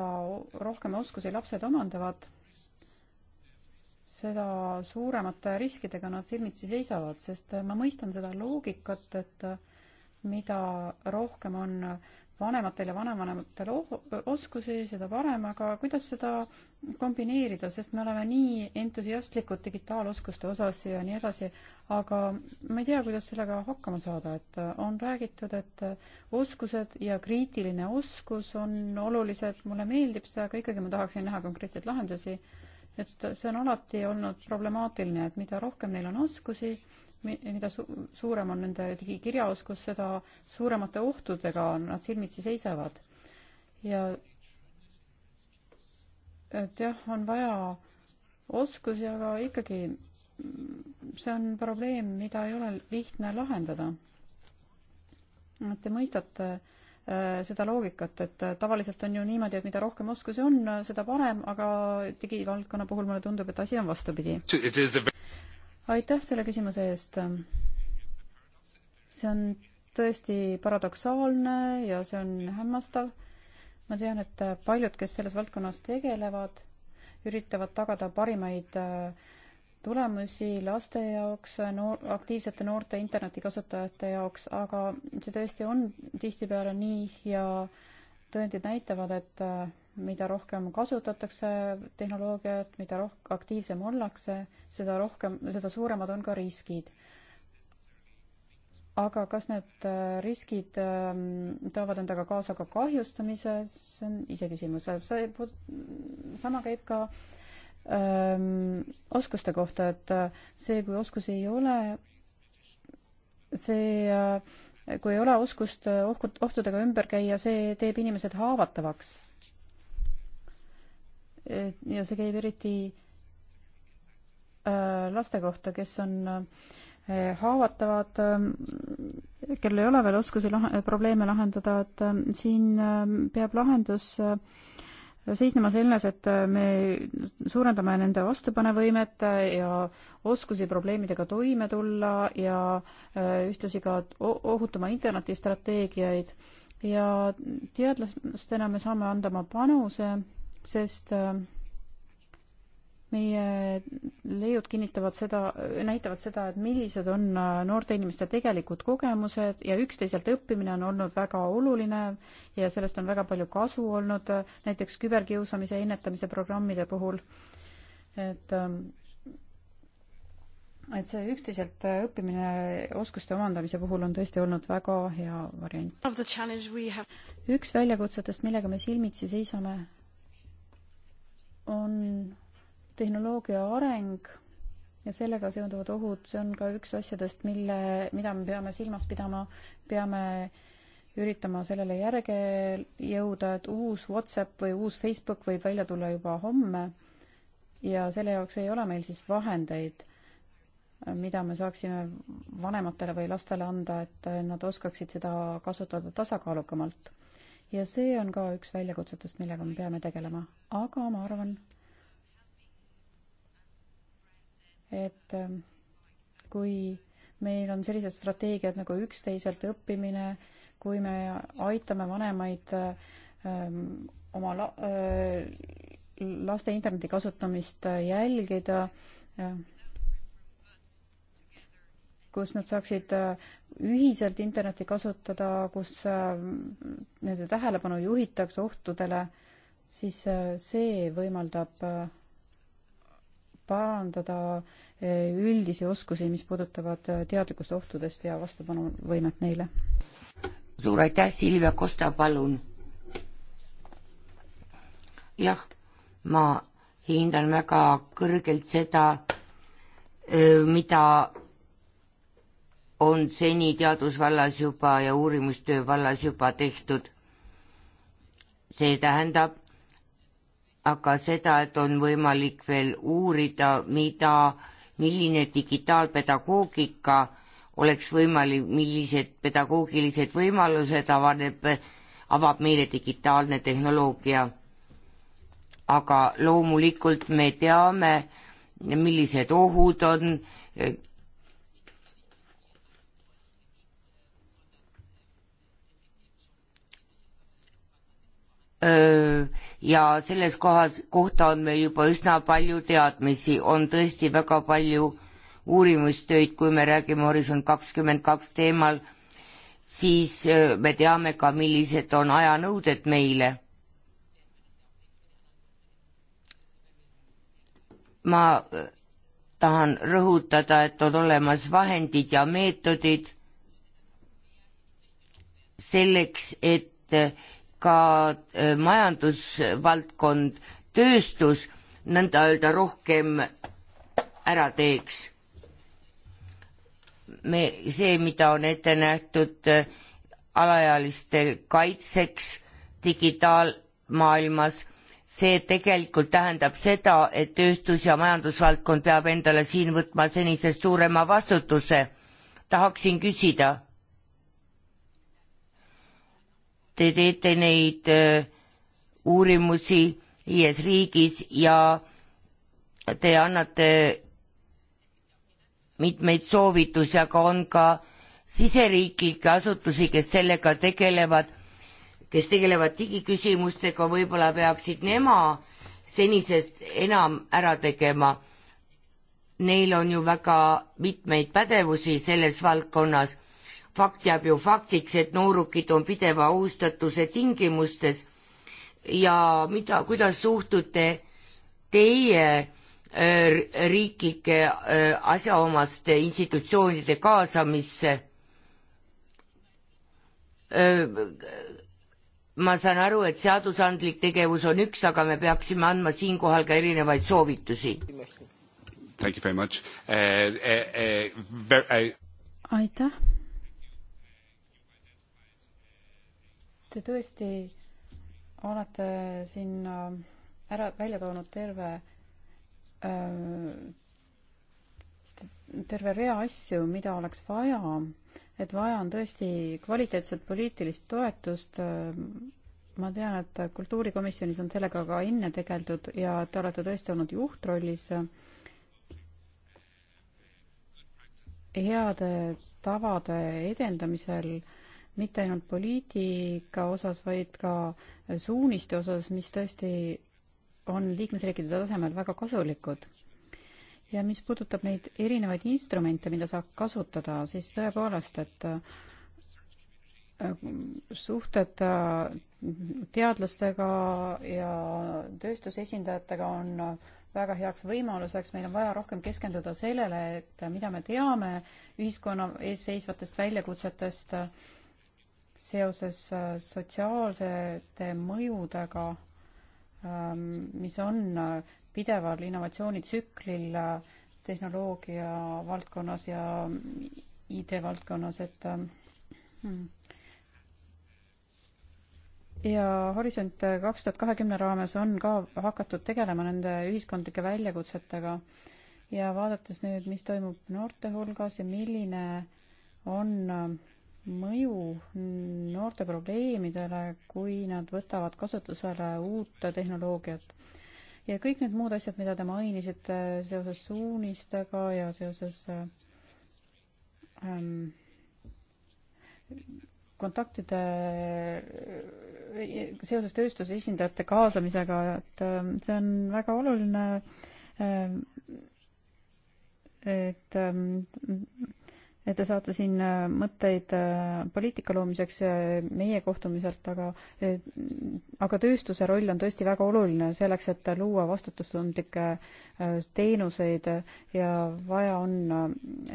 rohkem oskusi lapsed omandavad, seda suuremate riskidega nad silmitsi seisavad, sest ma mõistan seda loogikat, et mida rohkem on vanematel ja vanavanematel oskusi, seda parem, aga kuidas seda kombineerida, sest me oleme nii entusiastlikud digitaaloskuste osas ja nii edasi, aga ma ei tea, kuidas sellega hakkama saada, et on räägitud, et oskused ja kriitiline oskus on olulised, mulle meeldib see, aga ikkagi ma tahaksin näha konkreetseid lahendusi. et see on alati olnud problemaatiline, et mida rohkem neil on oskusi, mida su suurem on nende digikirjaoskus, seda suuremate ohtudega nad silmitsi seisavad. ja et jah, on vaja oskusi, aga ikkagi see on probleem, mida ei ole lihtne lahendada. et te mõistate äh, seda loogikat, et äh, tavaliselt on ju niimoodi, et mida rohkem oskusi on, seda parem, aga digivaldkonna puhul mulle tundub, et asi on vastupidi aitäh selle küsimuse eest. see on tõesti paradoksaalne ja see on hämmastav. ma tean, et paljud, kes selles valdkonnas tegelevad, üritavad tagada parimaid äh, tulemusi laste jaoks, noor, aktiivsete noorte internetikasutajate jaoks, aga see tõesti on tihtipeale nii ja tõendid näitavad, et äh, mida rohkem kasutatakse tehnoloogiat, mida roh-, aktiivsem ollakse, seda rohkem, seda suuremad on ka riskid. aga kas need äh, riskid ähm, toovad endaga kaasa ka kahjustamise, see on iseküsimus. see put-, sama käib ka öö, ähm, oskuste kohta, et äh, see, kui oskusi ei ole, see öö, äh, kui ei ole oskust ohkud, ohtudega ümber käia, see teeb inimesed haavatavaks. Äh, ja see käib eriti äh, laste kohta, kes on äh, haavatavad, kellel ei ole veel oskusi lah-, probleeme lahendada, et siin peab lahendus seisnema selles, et me suurendame nende vastupanevõimet ja oskusi probleemidega toime tulla ja ühtlasi ka ohutama internetistrateegiaid ja teadlastena me saame anda oma panuse sest äh, meie leiud kinnitavad seda, näitavad seda, et millised on äh, noorte inimeste tegelikud kogemused ja üksteiselt õppimine on olnud väga oluline ja sellest on väga palju kasu olnud, äh, näiteks küberkiusamise ennetamise programmide puhul. et, ähm, et see üksteiselt õppimine oskuste omandamise puhul on tõesti olnud väga hea variant. üks väljakutsetest, millega me silmitsi seisame, on tehnoloogia areng ja sellega seonduvad ohud, see on ka üks asjadest, mille, mida me peame silmas pidama, peame üritama sellele järge jõuda, et uus Whatsapp või uus Facebook võib välja tulla juba homme ja selle jaoks ei ole meil siis vahendeid, mida me saaksime vanematele või lastele anda, et nad oskaksid seda kasutada tasakaalukamalt. ja see on ka üks väljakutsetest, millega me peame tegelema aga ma arvan, et ähm, kui meil on sellised strateegiad nagu üksteiselt õppimine, kui me aitame vanemaid öö, ähm, oma la-, öö, äh, laste interneti kasutamist äh, jälgida, äh, kus nad saaksid ühiselt internetti kasutada, kus nende tähelepanu juhitakse ohtudele äh, siis äh, see võimaldab äh, parandada äh, üldisi oskusi, mis puudutavad teadlikkust ohtudest ja vastupanuvõimet neile. suur aitäh, Silvia Kosta, palun. jah, ma hindan väga kõrgelt seda, mida on seni teadusvallas juba ja uurimustöö vallas juba tehtud. see tähendab, aga seda, et on võimalik veel uurida, mida, milline digitaalpedagoogika oleks võimalik, millised pedagoogilised võimalused avaneb, avab meile digitaalne tehnoloogia. aga loomulikult me teame, millised ohud on, ja selles kohas, kohta on meil juba üsna palju teadmisi, on tõesti väga palju uurimustöid, kui me räägime Horisont kakskümmend kaks teemal, siis me teame ka, millised on ajanõuded meile. ma tahan rõhutada, et on olemas vahendid ja meetodid selleks, et ka äh, majandusvaldkond, tööstus nõnda öelda rohkem ära teeks. me, see, mida on ette nähtud äh, alaealiste kaitseks digitaalmaailmas, see tegelikult tähendab seda, et tööstus- ja majandusvaldkond peab endale siin võtma senisest suurema vastutuse. tahaksin küsida te teete neid äh, uurimusi viies riigis ja te annate mitmeid soovitusi, aga on ka siseriiklikke asutusi, kes sellega tegelevad, kes tegelevad digiküsimustega, võib-olla peaksid nema senisest enam ära tegema. Neil on ju väga mitmeid pädevusi selles valdkonnas fakt jääb ju faktiks, et noorukid on pideva austatuse tingimustes ja mida, kuidas suhtute teie äh, riiklike äh, asjaomaste institutsioonide kaasamisse. Äh, ma saan aru, et seadusandlik tegevus on üks, aga me peaksime andma siinkohal ka erinevaid soovitusi. aitäh. Te tõesti olete siin äh, ära, välja toonud terve äh, terve rea asju, mida oleks vaja, et vaja on tõesti kvaliteetset poliitilist toetust. ma tean, et kultuurikomisjonis on sellega ka enne tegeldud ja te olete tõesti olnud juhtrollis. heade tavade edendamisel mitte ainult poliitika osas, vaid ka suuniste osas, mis tõesti on liikmesriikide tasemel väga kasulikud. ja mis puudutab neid erinevaid instrumente, mida saab kasutada, siis tõepoolest, et äh, suhted äh, teadlastega ja tööstusesindajatega on äh, väga heaks võimaluseks, meil on vaja rohkem keskenduda sellele, et mida me teame ühiskonna ees seisvatest väljakutsetest äh, seoses äh, sotsiaalsete mõjudega, ähm, mis on äh, pideval innovatsioonitsüklil äh, tehnoloogia valdkonnas ja IT-valdkonnas, et ähm, hmm. ja Horisont kaks tuhat kahekümne raames on ka hakatud tegelema nende ühiskondlike väljakutsetega ja vaadates nüüd, mis toimub noorte hulgas ja milline on ähm, mõju noorte probleemidele, kui nad võtavad kasutusele uut tehnoloogiat. ja kõik need muud asjad, mida te mainisite seoses suunistega ja seoses ähm, kontaktide, seoses tööstuse esindajate kaasamisega, et ähm, see on väga oluline, ähm, et ähm, et te saate siin äh, mõtteid äh, poliitika loomiseks äh, meie kohtumiselt, aga aga tööstuse roll on tõesti väga oluline selleks, et luua vastutustundlikke teenuseid ja vaja on,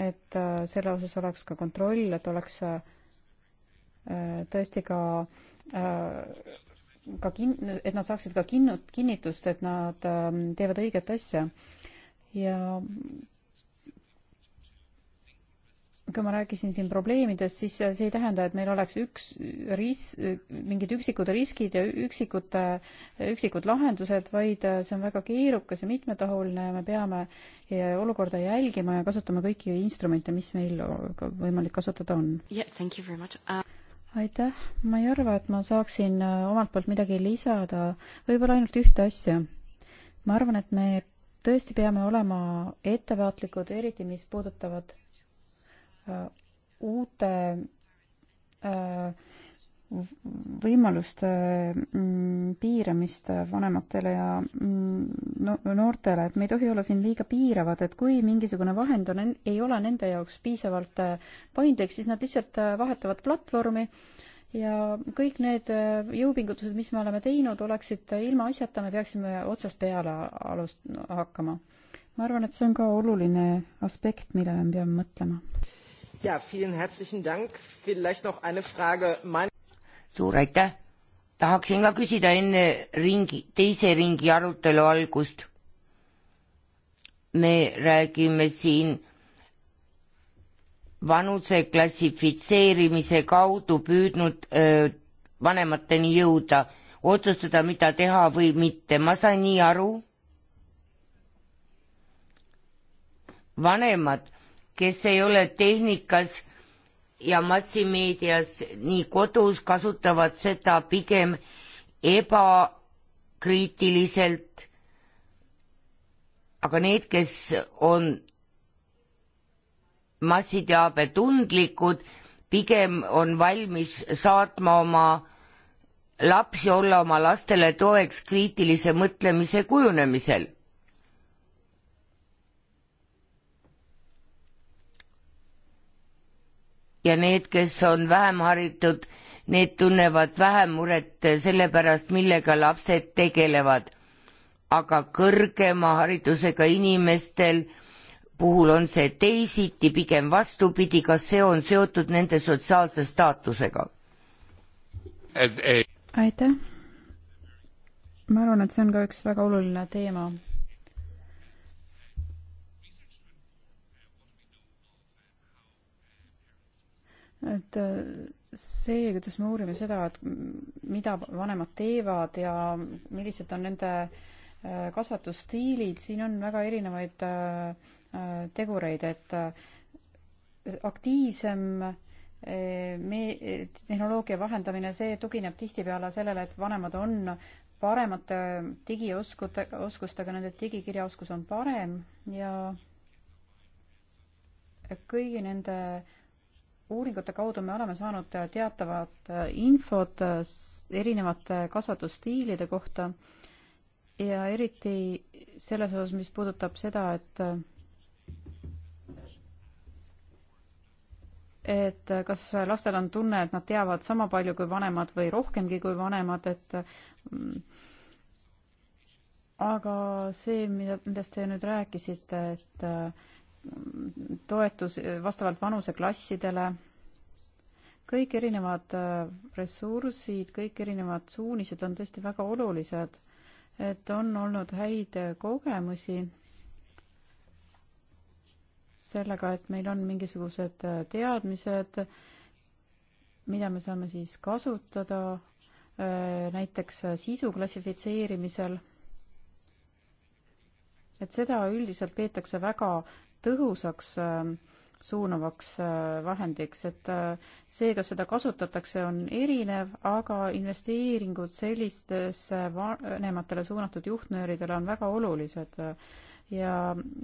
et selle osas oleks ka kontroll, et oleks tõesti ka ka kin-, et nad saaksid ka kinnu-, kinnitust, et nad ähm, teevad õiget asja. ja kui ma rääkisin siin probleemidest, siis see ei tähenda, et meil oleks üks ris-, mingid üksikud riskid ja üksikute, üksikud lahendused, vaid see on väga keerukas ja mitmetahuline ja me peame olukorda jälgima ja kasutama kõiki instrumente, mis meil võimalik kasutada on yeah,. Uh... aitäh, ma ei arva, et ma saaksin äh, omalt poolt midagi lisada, võib-olla ainult ühte asja. ma arvan, et me tõesti peame olema ettevaatlikud, eriti mis puudutavad Äh, uute äh, võimaluste mm, piiramist vanematele ja mm, noortele, et me ei tohi olla siin liiga piiravad, et kui mingisugune vahend on, ei ole nende jaoks piisavalt äh, paindlik, siis nad lihtsalt vahetavad platvormi ja kõik need jõupingutused, mis me oleme teinud, oleksid ilmaasjata, me peaksime otsast peale alust-, hakkama. ma arvan, et see on ka oluline aspekt, millele me peame mõtlema Ja, vielen herzlichen Dank. Vielleicht noch eine Frage. Mein suur aitäh! tahaksin ka küsida enne ringi, teise ringi arutelu algust. me räägime siin vanuse klassifitseerimise kaudu püüdnud öö, vanemateni jõuda, otsustada, mida teha või mitte, ma sain nii aru. vanemad kes ei ole tehnikas ja massimeedias nii kodus, kasutavad seda pigem ebakriitiliselt. aga need, kes on massiteabe tundlikud, pigem on valmis saatma oma lapsi olla oma lastele toeks kriitilise mõtlemise kujunemisel ja need, kes on vähem haritud, need tunnevad vähem muret selle pärast, millega lapsed tegelevad. aga kõrgema haridusega inimestel puhul on see teisiti, pigem vastupidi, kas see on seotud nende sotsiaalse staatusega? aitäh! ma arvan, et see on ka üks väga oluline teema et äh, see, kuidas me uurime seda, et mida vanemad teevad ja millised on nende äh, kasvatusstiilid, siin on väga erinevaid äh, tegureid, et aktiivsem me, tehnoloogia vahendamine, see tugineb tihtipeale sellele, et vanemad on paremate digioskute, oskustega, nende digikirjaoskus on parem ja kõigi nende äh, uuringute kaudu me oleme saanud teatavat äh, infot äh, erinevate kasvatusstiilide kohta ja eriti selles osas, mis puudutab seda, et et kas lastel on tunne, et nad teavad sama palju kui vanemad või rohkemgi kui vanemad, et mm, aga see, mida, millest te nüüd rääkisite, et toetus vastavalt vanuseklassidele, kõik erinevad äh, ressursid, kõik erinevad suunised on tõesti väga olulised, et on olnud häid kogemusi sellega, et meil on mingisugused äh, teadmised, mida me saame siis kasutada äh, näiteks sisu klassifitseerimisel. et seda üldiselt peetakse väga tõhusaks äh, suunavaks äh, vahendiks, et äh, see, kas seda kasutatakse, on erinev, aga investeeringud sellistesse vanematele suunatud juhtnööridele on väga olulised ja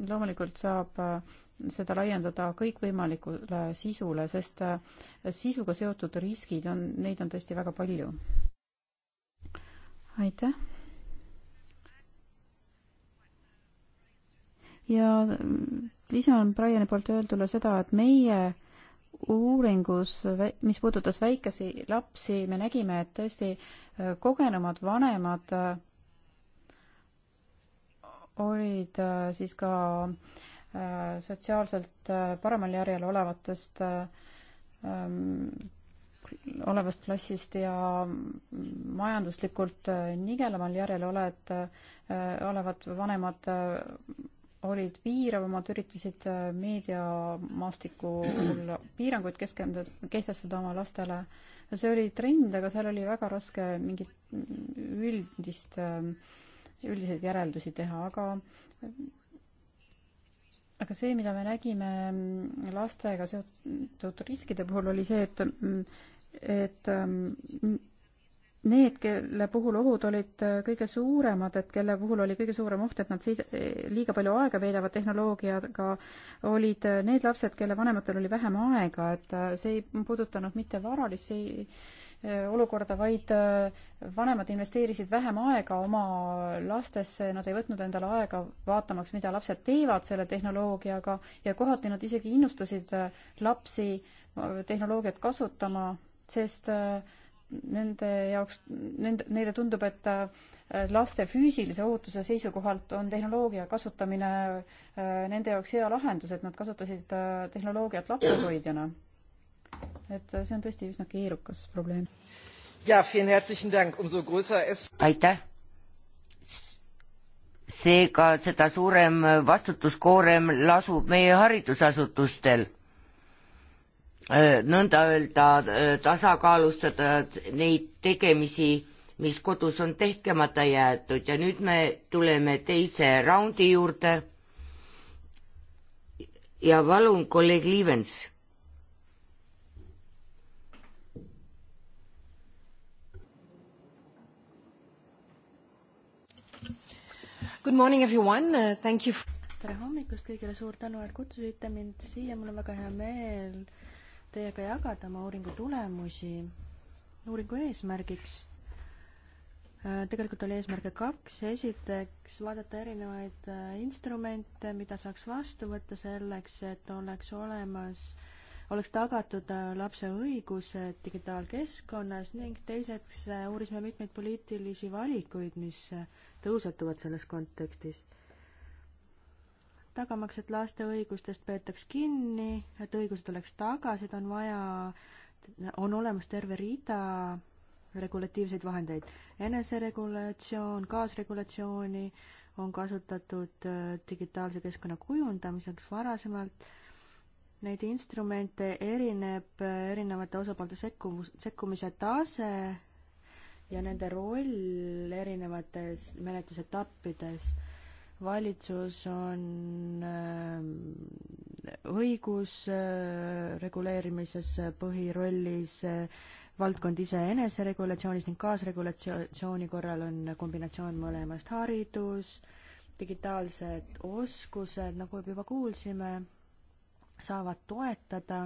loomulikult saab seda laiendada kõikvõimalikule sisule, sest sisuga seotud riskid on, neid on tõesti väga palju. aitäh! ja lisan Briani poolt öeldule seda, et meie uuringus, mis puudutas väikesi lapsi, me nägime, et tõesti äh, kogenumad vanemad äh, olid äh, siis ka sotsiaalselt paremal järjel olevatest, ähm, olevast klassist ja mm, majanduslikult nigelamal järjel oled, olevad vanemad olid piiravamad, üritasid äh, meediamaastikul piiranguid keskenduda, kehtestada oma lastele. see oli trend, aga seal oli väga raske mingit üldist, äh, üldiseid järeldusi teha, aga aga see, mida me nägime mm, lastega seotud riskide puhul, oli see, et mm, et mm, need, kelle puhul ohud olid äh, kõige suuremad, et kelle puhul oli kõige suurem oht, et nad seis-, äh, liiga palju aega veedavad tehnoloogiaga, olid äh, need lapsed, kelle vanematel oli vähem aega, et see ei puudutanud mitte varalisi olukorda, vaid vanemad investeerisid vähem aega oma lastesse, nad ei võtnud endale aega vaatamaks, mida lapsed teevad selle tehnoloogiaga ja kohati nad isegi innustasid lapsi tehnoloogiat kasutama, sest äh, nende jaoks, nende, neile tundub, et äh, laste füüsilise ohutuse seisukohalt on tehnoloogia kasutamine äh, nende jaoks hea lahendus, et nad kasutasid äh, tehnoloogiat lapsehoidjana. et see on tõesti üsna keerukas probleem. aitäh! seega seda suurem vastutuskoorem lasub meie haridusasutustel Äh, nõnda öelda äh, tasakaalustada neid tegemisi, mis kodus on tehkemata jäetud ja nüüd me tuleme teise raundi juurde. ja palun, kolleeg Liivens. Good morning everyone uh,, thank you. tere hommikust kõigile, suur tänu, et kutsusite mind siia, mul on väga hea meel teiega jagada oma uuringu tulemusi. uuringu eesmärgiks äh, tegelikult oli eesmärke kaks, esiteks vaadata erinevaid äh, instrumente, mida saaks vastu võtta selleks, et oleks olemas, oleks tagatud äh, lapse õigused digitaalkeskkonnas ning teiseks uurisime mitmeid poliitilisi valikuid, mis tõusetuvad selles kontekstis tagamaks, et laste õigustest peetaks kinni, et õigused oleks tagasid, on vaja, on olemas terve rida regulatiivseid vahendeid. eneseregulatsioon, kaasregulatsiooni on kasutatud äh, digitaalse keskkonna kujundamiseks varasemalt. Neid instrumente erineb äh, erinevate osapoolte sekkumus, sekkumise tase ja nende roll erinevates menetlusetappides valitsus on ähm, õigusreguleerimises äh, äh, põhirollis, äh, valdkond ise eneseregulatsioonis ning kaasregulatsiooni korral on kombinatsioon mõlemast, haridus, digitaalsed oskused, nagu juba kuulsime, saavad toetada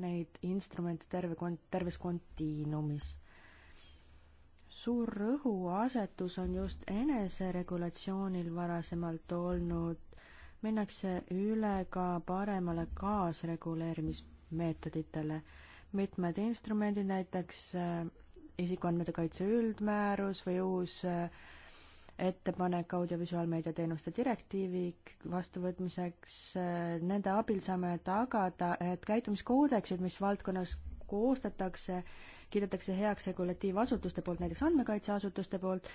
neid instrumente terve kont-, terves kontiinumis suur rõhuasetus on just eneseregulatsioonil varasemalt olnud, minnakse üle ka paremale kaasreguleerimismeetoditele. mitmed instrumendid, näiteks äh, isikuandmete kaitse üldmäärus või uus äh, ettepanek audiovisuaalmeedia teenuste direktiivi vastuvõtmiseks, äh, nende abil saame tagada, et käitumiskoodeksid, mis valdkonnas koostatakse, kiidetakse heaks regulatiivasutuste poolt, näiteks andmekaitseasutuste poolt,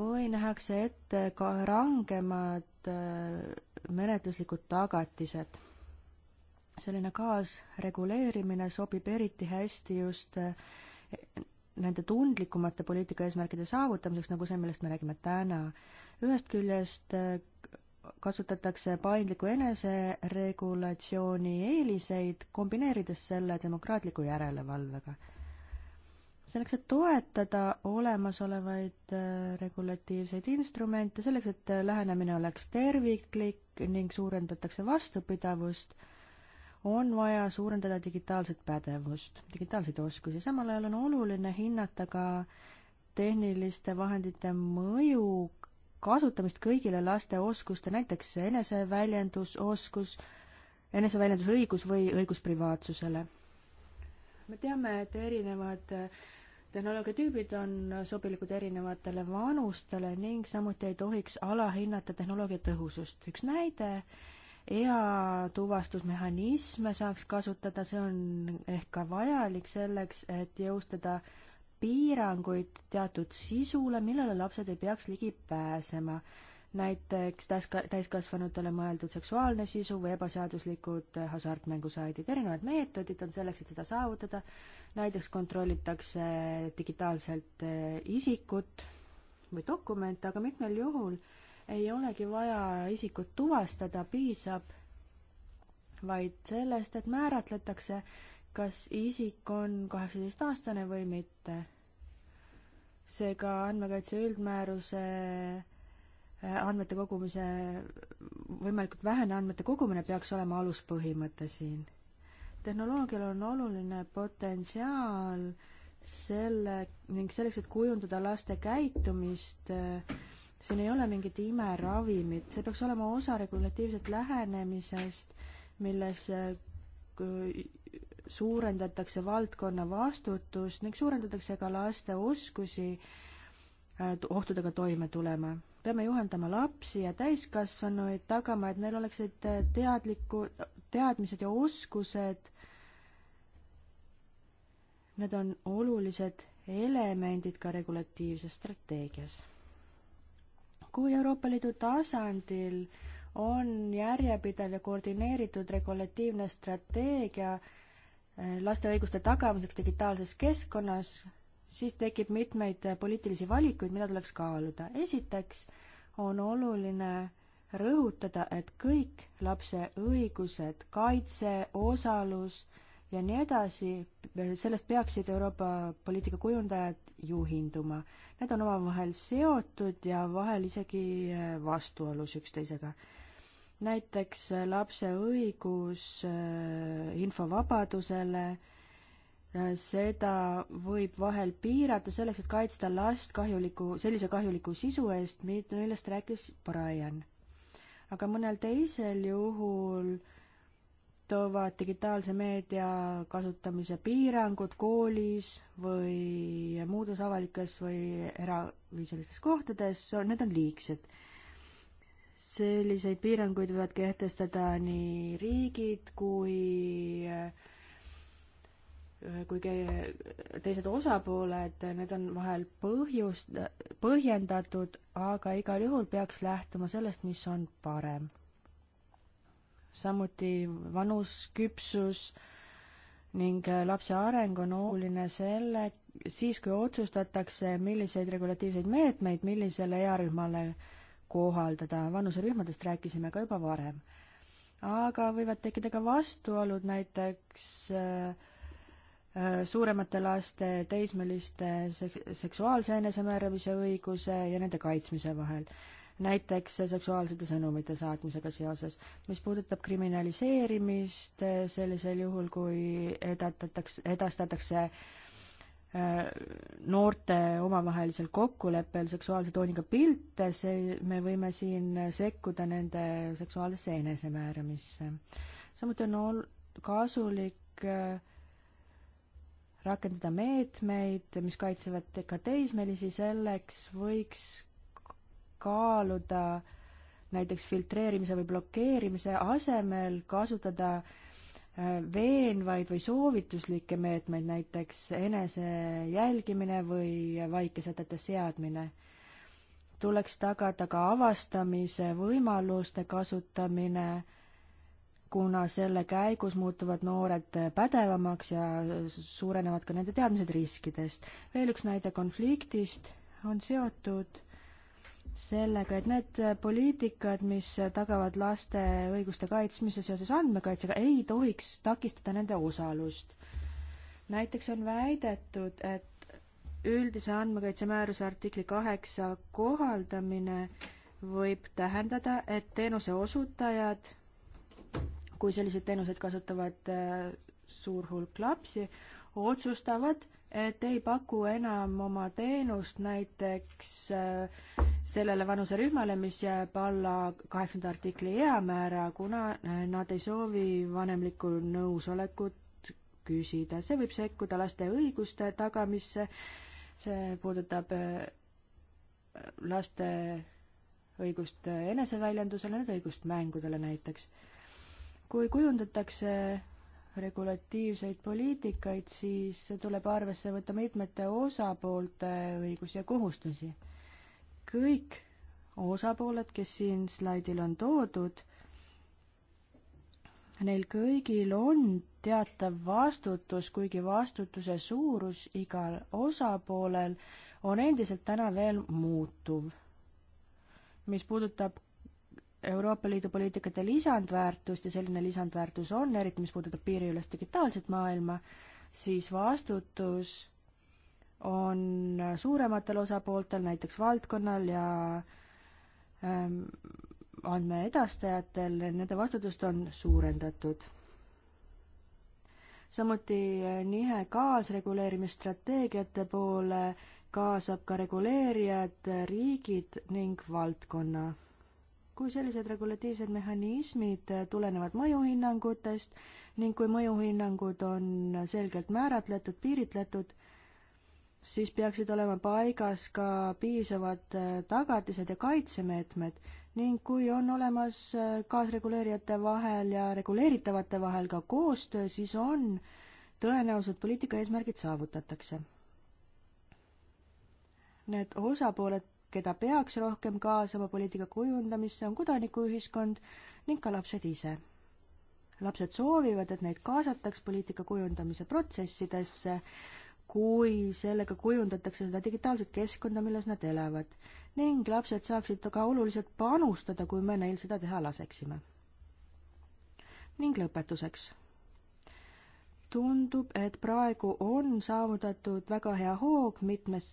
või nähakse ette ka rangemad äh, menetluslikud tagatised. selline kaasreguleerimine sobib eriti hästi just äh, nende tundlikumate poliitikaeesmärkide saavutamiseks, nagu see, millest me räägime täna. ühest küljest äh, kasutatakse paindliku eneseregulatsiooni eeliseid, kombineerides selle demokraatliku järelevalvega. selleks, et toetada olemasolevaid äh, regulatiivseid instrumente, selleks, et äh, lähenemine oleks terviklik ning suurendatakse vastupidavust, on vaja suurendada digitaalset pädevust, digitaalseid oskusi, samal ajal on oluline hinnata ka tehniliste vahendite mõju kasutamist kõigile laste oskuste, näiteks eneseväljendusoskus, eneseväljendusõigus või õigus privaatsusele. me teame, et erinevad äh, tehnoloogiatüübid on sobilikud erinevatele vanustele ning samuti ei tohiks alahinnata tehnoloogia tõhusust. üks näide eatuvastusmehhanisme saaks kasutada, see on ehk ka vajalik selleks, et jõustada äh, piiranguid teatud sisule, millele lapsed ei peaks ligi pääsema. näiteks täiska-, täiskasvanutele mõeldud seksuaalne sisu või ebaseaduslikud hasartmängusaidid, erinevad meetodid on selleks, et seda saavutada, näiteks kontrollitakse digitaalselt eh, isikut või dokumente, aga mitmel juhul ei olegi vaja isikut tuvastada, piisab vaid sellest, et määratletakse, kas isik on kaheksateistaastane või mitte. seega andmekaitse üldmääruse äh, andmete kogumise, võimalikult vähene andmete kogumine peaks olema aluspõhimõte siin. tehnoloogial on oluline potentsiaal selle ning selleks, et kujundada laste käitumist, äh, siin ei ole mingit imeravimit, see peaks olema osa regulatiivset lähenemisest, milles äh, suurendatakse valdkonna vastutust ning suurendatakse ka laste oskusi äh, ohtudega toime tulema. peame juhendama lapsi ja täiskasvanuid, tagama, et neil oleksid äh, teadliku, teadmised ja oskused. Need on olulised elemendid ka regulatiivses strateegias. kui Euroopa Liidu tasandil on järjepidev ja koordineeritud regulatiivne strateegia, laste õiguste tagamiseks digitaalses keskkonnas, siis tekib mitmeid poliitilisi valikuid, mida tuleks kaaluda. esiteks on oluline rõhutada, et kõik lapse õigused, kaitse, osalus ja nii edasi, sellest peaksid Euroopa poliitika kujundajad juhinduma. Need on omavahel seotud ja vahel isegi vastuolus üksteisega näiteks äh, lapse õigus äh, infovabadusele, äh, seda võib vahel piirata selleks, et kaitsta last kahjuliku, sellise kahjuliku sisu eest, millest rääkis Brian. aga mõnel teisel juhul toovad digitaalse meedia kasutamise piirangud koolis või muudes avalikes või era- või sellistes kohtades, need on liigsed selliseid piiranguid võivad kehtestada nii riigid kui kui teised osapooled, need on vahel põhjus, põhjendatud, aga igal juhul peaks lähtuma sellest, mis on parem. samuti vanus, küpsus ning lapse areng on oluline selle, siis kui otsustatakse, milliseid regulatiivseid meetmeid millisele earühmale äh, kohaldada, vanuserühmadest rääkisime ka juba varem. aga võivad tekkida ka vastuolud, näiteks äh, äh, suuremate laste, teismeliste sek-, seksuaalse enesemääramise õiguse ja nende kaitsmise vahel, näiteks seksuaalsete sõnumite saatmisega seoses. mis puudutab kriminaliseerimist äh, sellisel juhul, kui edatatakse, edastatakse Äh, noorte omavahelisel kokkuleppel seksuaalse tooniga pilte, see, me võime siin sekkuda nende seksuaalsesse enesemääramisse. samuti on ol-, kasulik äh, rakendada meetmeid, mis kaitsevad ka teismelisi, selleks võiks kaaluda näiteks filtreerimise või blokeerimise asemel kasutada äh, veenvaid või soovituslikke meetmeid, näiteks enese jälgimine või vaikesätete seadmine. tuleks tagada ka avastamise võimaluste kasutamine, kuna selle käigus muutuvad noored pädevamaks ja suurenevad ka nende teadmised riskidest. veel üks näide konfliktist on seotud sellega, et need poliitikad, mis tagavad laste õiguste kaitsmise seoses andmekaitsega, ei tohiks takistada nende osalust. näiteks on väidetud, et üldise andmekaitsemääruse artikli kaheksa kohaldamine võib tähendada, et teenuse osutajad, kui selliseid teenuseid kasutavad äh, suur hulk lapsi, otsustavad, et ei paku enam oma teenust näiteks äh, sellele vanuserühmale, mis jääb alla kaheksanda artikli eamäära, kuna eh, nad ei soovi vanemlikku nõusolekut küsida. see võib sekkuda laste õiguste tagamisse, see puudutab eh, laste õigust eneseväljendusele, nende õigust mängudele näiteks. kui kujundatakse regulatiivseid poliitikaid, siis tuleb arvesse võtta mitmete osapoolte õigusi ja kohustusi kõik osapooled, kes siin slaidil on toodud, neil kõigil on teatav vastutus, kuigi vastutuse suurus igal osapoolel on endiselt täna veel muutuv. mis puudutab Euroopa Liidu poliitikate lisandväärtust ja selline lisandväärtus on, eriti mis puudutab piiriülest digitaalset maailma, siis vastutus on suurematel osapooltel, näiteks valdkonnal ja ähm, andmeedastajatel, nende vastutust on suurendatud. samuti äh, nihe kaasreguleerimisstrateegiate poole kaasab ka reguleerijad, äh, riigid ning valdkonna. kui sellised regulatiivsed mehhanismid äh, tulenevad mõjuhinnangutest ning kui mõjuhinnangud on selgelt määratletud, piiritletud, siis peaksid olema paigas ka piisavad äh, tagatised ja kaitsemeetmed ning kui on olemas äh, kaasreguleerijate vahel ja reguleeritavate vahel ka koostöö, siis on tõenäoliselt poliitika eesmärgid saavutatakse. Need osapooled, keda peaks rohkem kaasama poliitika kujundamisse, on kodanikuühiskond ning ka lapsed ise. lapsed soovivad, et neid kaasataks poliitika kujundamise protsessidesse kui sellega kujundatakse seda digitaalset keskkonda, milles nad elavad ning lapsed saaksid ka oluliselt panustada, kui me neil seda teha laseksime. ning lõpetuseks. tundub, et praegu on saavutatud väga hea hoog mitmes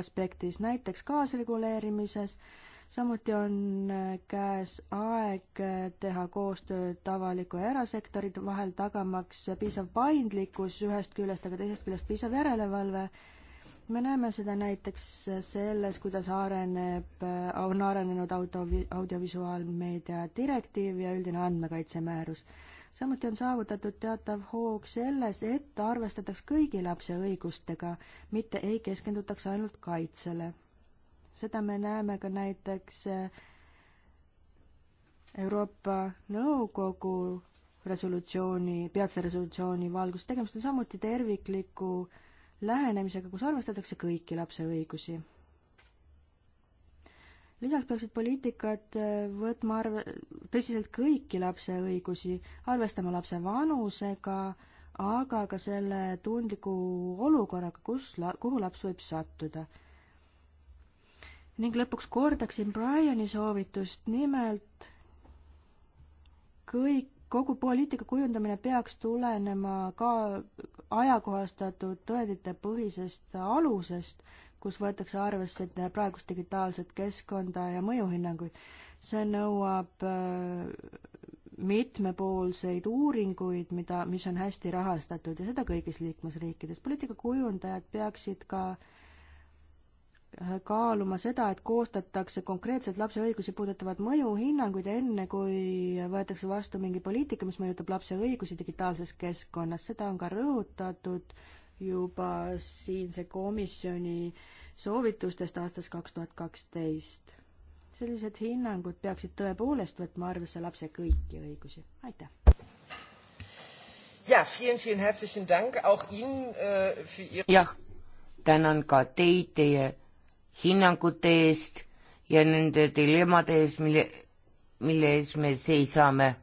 aspektis, näiteks kaasreguleerimises äh,, samuti on äh, käes aeg äh, teha koostööd avaliku ja erasektori vahel, tagamaks äh, piisav paindlikkus ühest küljest, aga teisest küljest piisav järelevalve. me näeme seda näiteks selles, kuidas areneb, on arenenud auto, audiovisuaalmeedia direktiiv ja üldine andmekaitsemäärus samuti on saavutatud teatav hoog selles, et arvestataks kõigi lapse õigustega, mitte ei keskendutaks ainult kaitsele seda me näeme ka näiteks eh, Euroopa Nõukogu resolutsiooni, peatse resolutsiooni valgus, tegemist on samuti tervikliku lähenemisega, kus arvestatakse kõiki lapse õigusi. lisaks peaksid poliitikad eh, võtma arve, tõsiselt kõiki lapse õigusi, arvestama lapse vanusega, aga ka selle tundliku olukorraga, kus la-, kuhu laps võib sattuda ning lõpuks kordaksin Briani soovitust, nimelt kõik, kogu poliitika kujundamine peaks tulenema ka ajakohastatud tõenditepõhisest alusest, kus võetakse arvesse praegust digitaalset keskkonda ja mõjuhinnanguid. see nõuab äh, mitmepoolseid uuringuid, mida, mis on hästi rahastatud ja seda kõigis liikmesriikides. poliitika kujundajad peaksid ka äh, kaaluma seda, et koostatakse konkreetselt lapse õigusi puudutavad mõjuhinnanguid enne, kui võetakse vastu mingi poliitika, mis mõjutab lapse õigusi digitaalses keskkonnas, seda on ka rõhutatud juba siinse komisjoni soovitustest aastast kaks tuhat kaksteist. sellised hinnangud peaksid tõepoolest võtma arvesse lapse kõiki õigusi, aitäh! jah, äh, jah, tänan ka teid teie hinnangute eest ja nende dilemmade ees, mille, mille ees me seisame.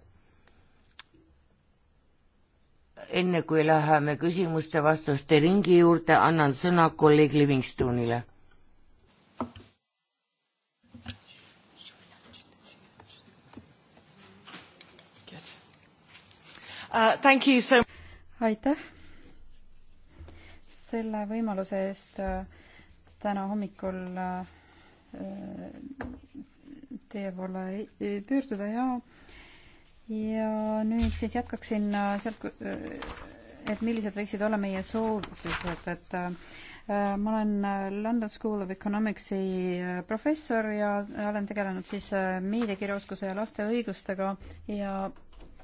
enne kui läheme küsimuste-vastuste ringi juurde, annan sõna kolleeg Livingstonile uh, aitäh selle võimaluse eest uh, täna hommikul äh, teie poole pöörduda ja ja nüüd siis jätkaksin äh, sealt, äh, et millised võiksid olla meie soovitused, et ma olen London School of Economicsi professor ja olen tegelenud siis meediakirjaoskuse ja laste õigustega ja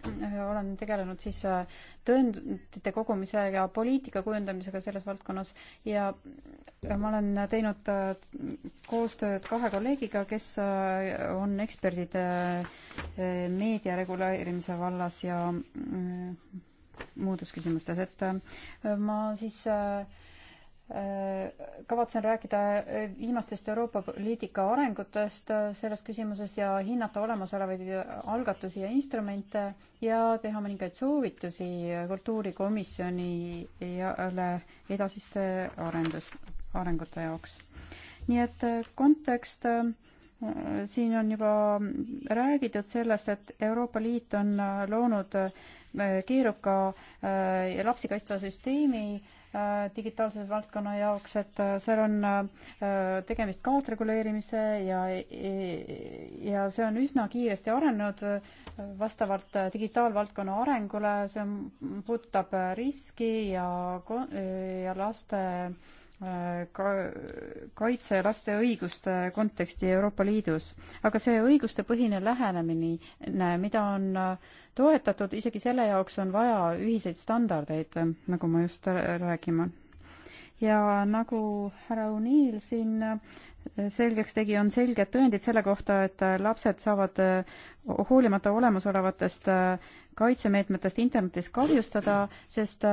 Äh, olen tegelenud siis äh, tõendite kogumise ja poliitika kujundamisega selles valdkonnas ja ma olen teinud äh, koostööd kahe kolleegiga, kes on eksperdid meedia reguleerimise vallas ja mm, muudes küsimustes, et ma siis äh, kavatsen rääkida viimastest Euroopa poliitika arengutest selles küsimuses ja hinnata olemasolevaid algatusi ja instrumente ja teha mõningaid soovitusi kultuurikomisjonile edasiste arendus, arengute jaoks. nii et kontekst äh, siin on juba räägitud sellest, et Euroopa Liit on loonud keeruka äh, lapsi kaitsva süsteemi äh, digitaalse valdkonna jaoks, et äh, seal on tegemist kaasreguleerimise ja, ja see on üsna kiiresti arenenud vastavalt digitaalvaldkonna arengule, see on, puudutab riski ja, ja laste ka-, kaitse laste õiguste konteksti Euroopa Liidus. aga see õigustepõhine lähenemine, mida on äh, toetatud, isegi selle jaoks on vaja ühiseid standardeid, äh, nagu ma just räägima. ja nagu härra O'Neill siin äh, selgeks tegi, on selged tõendid selle kohta, et lapsed saavad hoolimata olemasolevatest kaitsemeetmetest internetis kahjustada, sest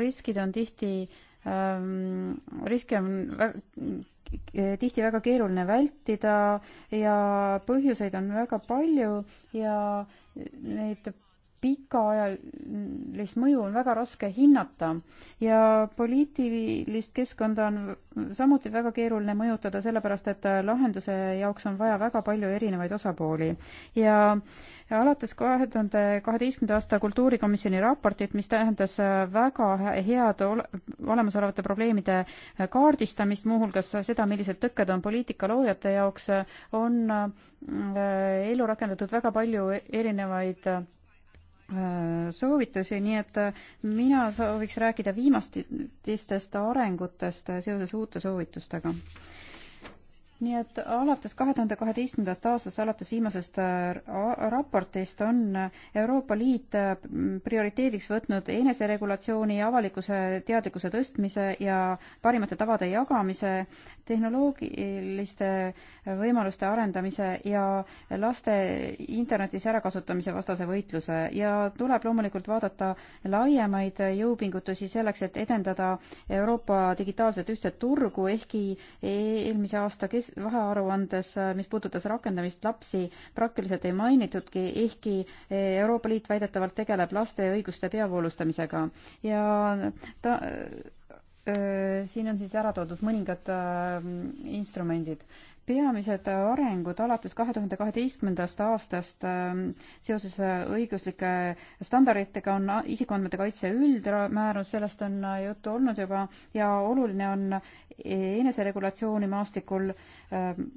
riskid on tihti äh, Ehm, riske on väga, tihti väga keeruline vältida ja põhjuseid on väga palju ja neid pikaajalist mõju on väga raske hinnata ja poliitilist keskkonda on samuti väga keeruline mõjutada, sellepärast et lahenduse jaoks on vaja väga palju erinevaid osapooli ja äh, alates kahe tuhande kaheteistkümnenda aasta kultuurikomisjoni raportit, mis tähendas äh, väga head olemasolevate probleemide äh, kaardistamist, muuhulgas seda, millised tõkked on poliitika loojate jaoks, äh, on ellu rakendatud väga palju erinevaid soovitusi, nii et mina sooviks rääkida viimastistest arengutest seoses uute soovitustega nii et alates kahe tuhande kaheteistkümnendast aastast, alates viimasest äh, raportist on Euroopa Liit äh, prioriteediks võtnud eneseregulatsiooni, avalikkuse teadlikkuse tõstmise ja parimate tavade jagamise, tehnoloogiliste võimaluste arendamise ja laste internetis ärakasutamise vastase võitluse ja tuleb loomulikult vaadata laiemaid jõupingutusi selleks, et edendada Euroopa digitaalset ühtset turgu, ehkki eelmise aasta kes-, vahearuandes, mis puudutas rakendamist, lapsi praktiliselt ei mainitudki, ehkki Euroopa Liit väidetavalt tegeleb laste õiguste peavoolustamisega ja ta siin on siis ära toodud mõningad instrumendid peamised arengud alates kahe tuhande kaheteistkümnendast aastast ähm, seoses äh, õiguslike standarditega on äh, isikuandmete kaitse üldmäärus, sellest on äh, juttu olnud juba ja oluline on eneseregulatsiooni maastikul ähm,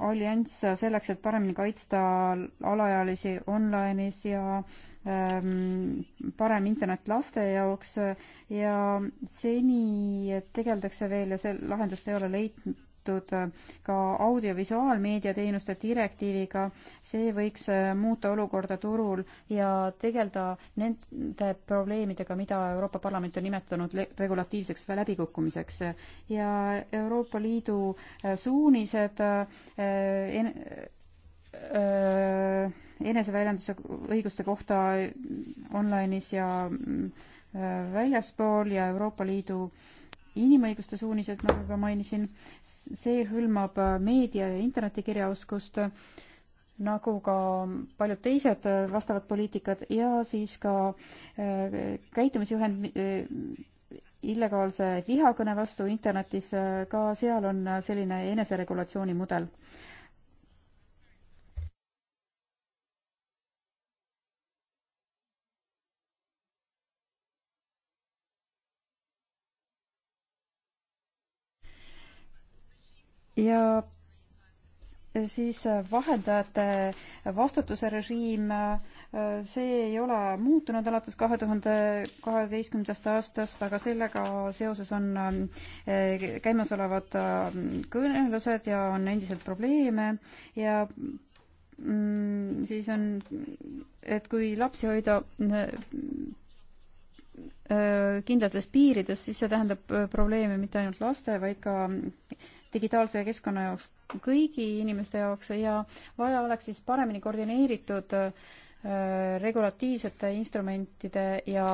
allianss selleks, et paremini kaitsta alaealisi online'is ja äh, Ähm, parem internet laste jaoks äh, ja seni tegeldakse veel ja see lahendust ei ole leidnud äh, ka audiovisuaalmeedia teenuste direktiiviga, see võiks äh, muuta olukorda turul ja tegeleda nende probleemidega, mida Euroopa Parlament on nimetanud regulatiivseks läbikukkumiseks. ja Euroopa Liidu suunised eneseväljenduse õiguste kohta online'is ja väljaspool ja Euroopa Liidu inimõiguste suunised, nagu juba mainisin, see hõlmab meedia ja internetikirjaoskust, nagu ka paljud teised vastavad poliitikad ja siis ka käitumisjuhend illegaalse vihakõne vastu internetis, ka seal on selline eneseregulatsiooni mudel ja siis äh, vahendajate vastutuse režiim, äh, see ei ole muutunud alates kahe tuhande kaheteistkümnendast aastast, aga sellega seoses on äh, käimasolevad kõnelused ja on endiselt probleeme ja mm, siis on, et kui lapsi hoida kindlates piirides, siis see tähendab probleeme mitte ainult laste, vaid ka digitaalse keskkonna jaoks, kõigi inimeste jaoks ja vaja oleks siis paremini koordineeritud äh, regulatiivsete instrumentide ja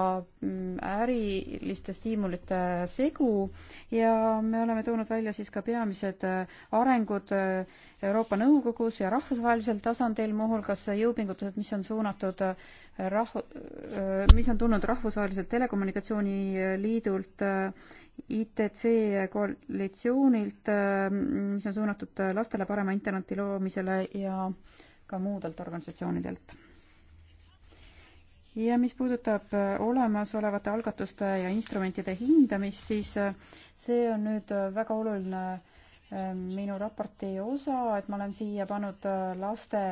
mm, äriliste stiimulite segu ja me oleme toonud välja siis ka peamised äh, arengud äh, Euroopa Nõukogus ja rahvusvahelisel tasandil, muuhulgas jõupingutused, mis on suunatud rahv-, mis on tulnud Rahvusvaheliselt Telekommunikatsiooniliidult ITC koalitsioonilt, mis on suunatud lastele parema interneti loomisele ja ka muudelt organisatsioonidelt. ja mis puudutab olemasolevate algatuste ja instrumentide hindamist, siis see on nüüd väga oluline eh, minu raporti osa, et ma olen siia pannud eh, laste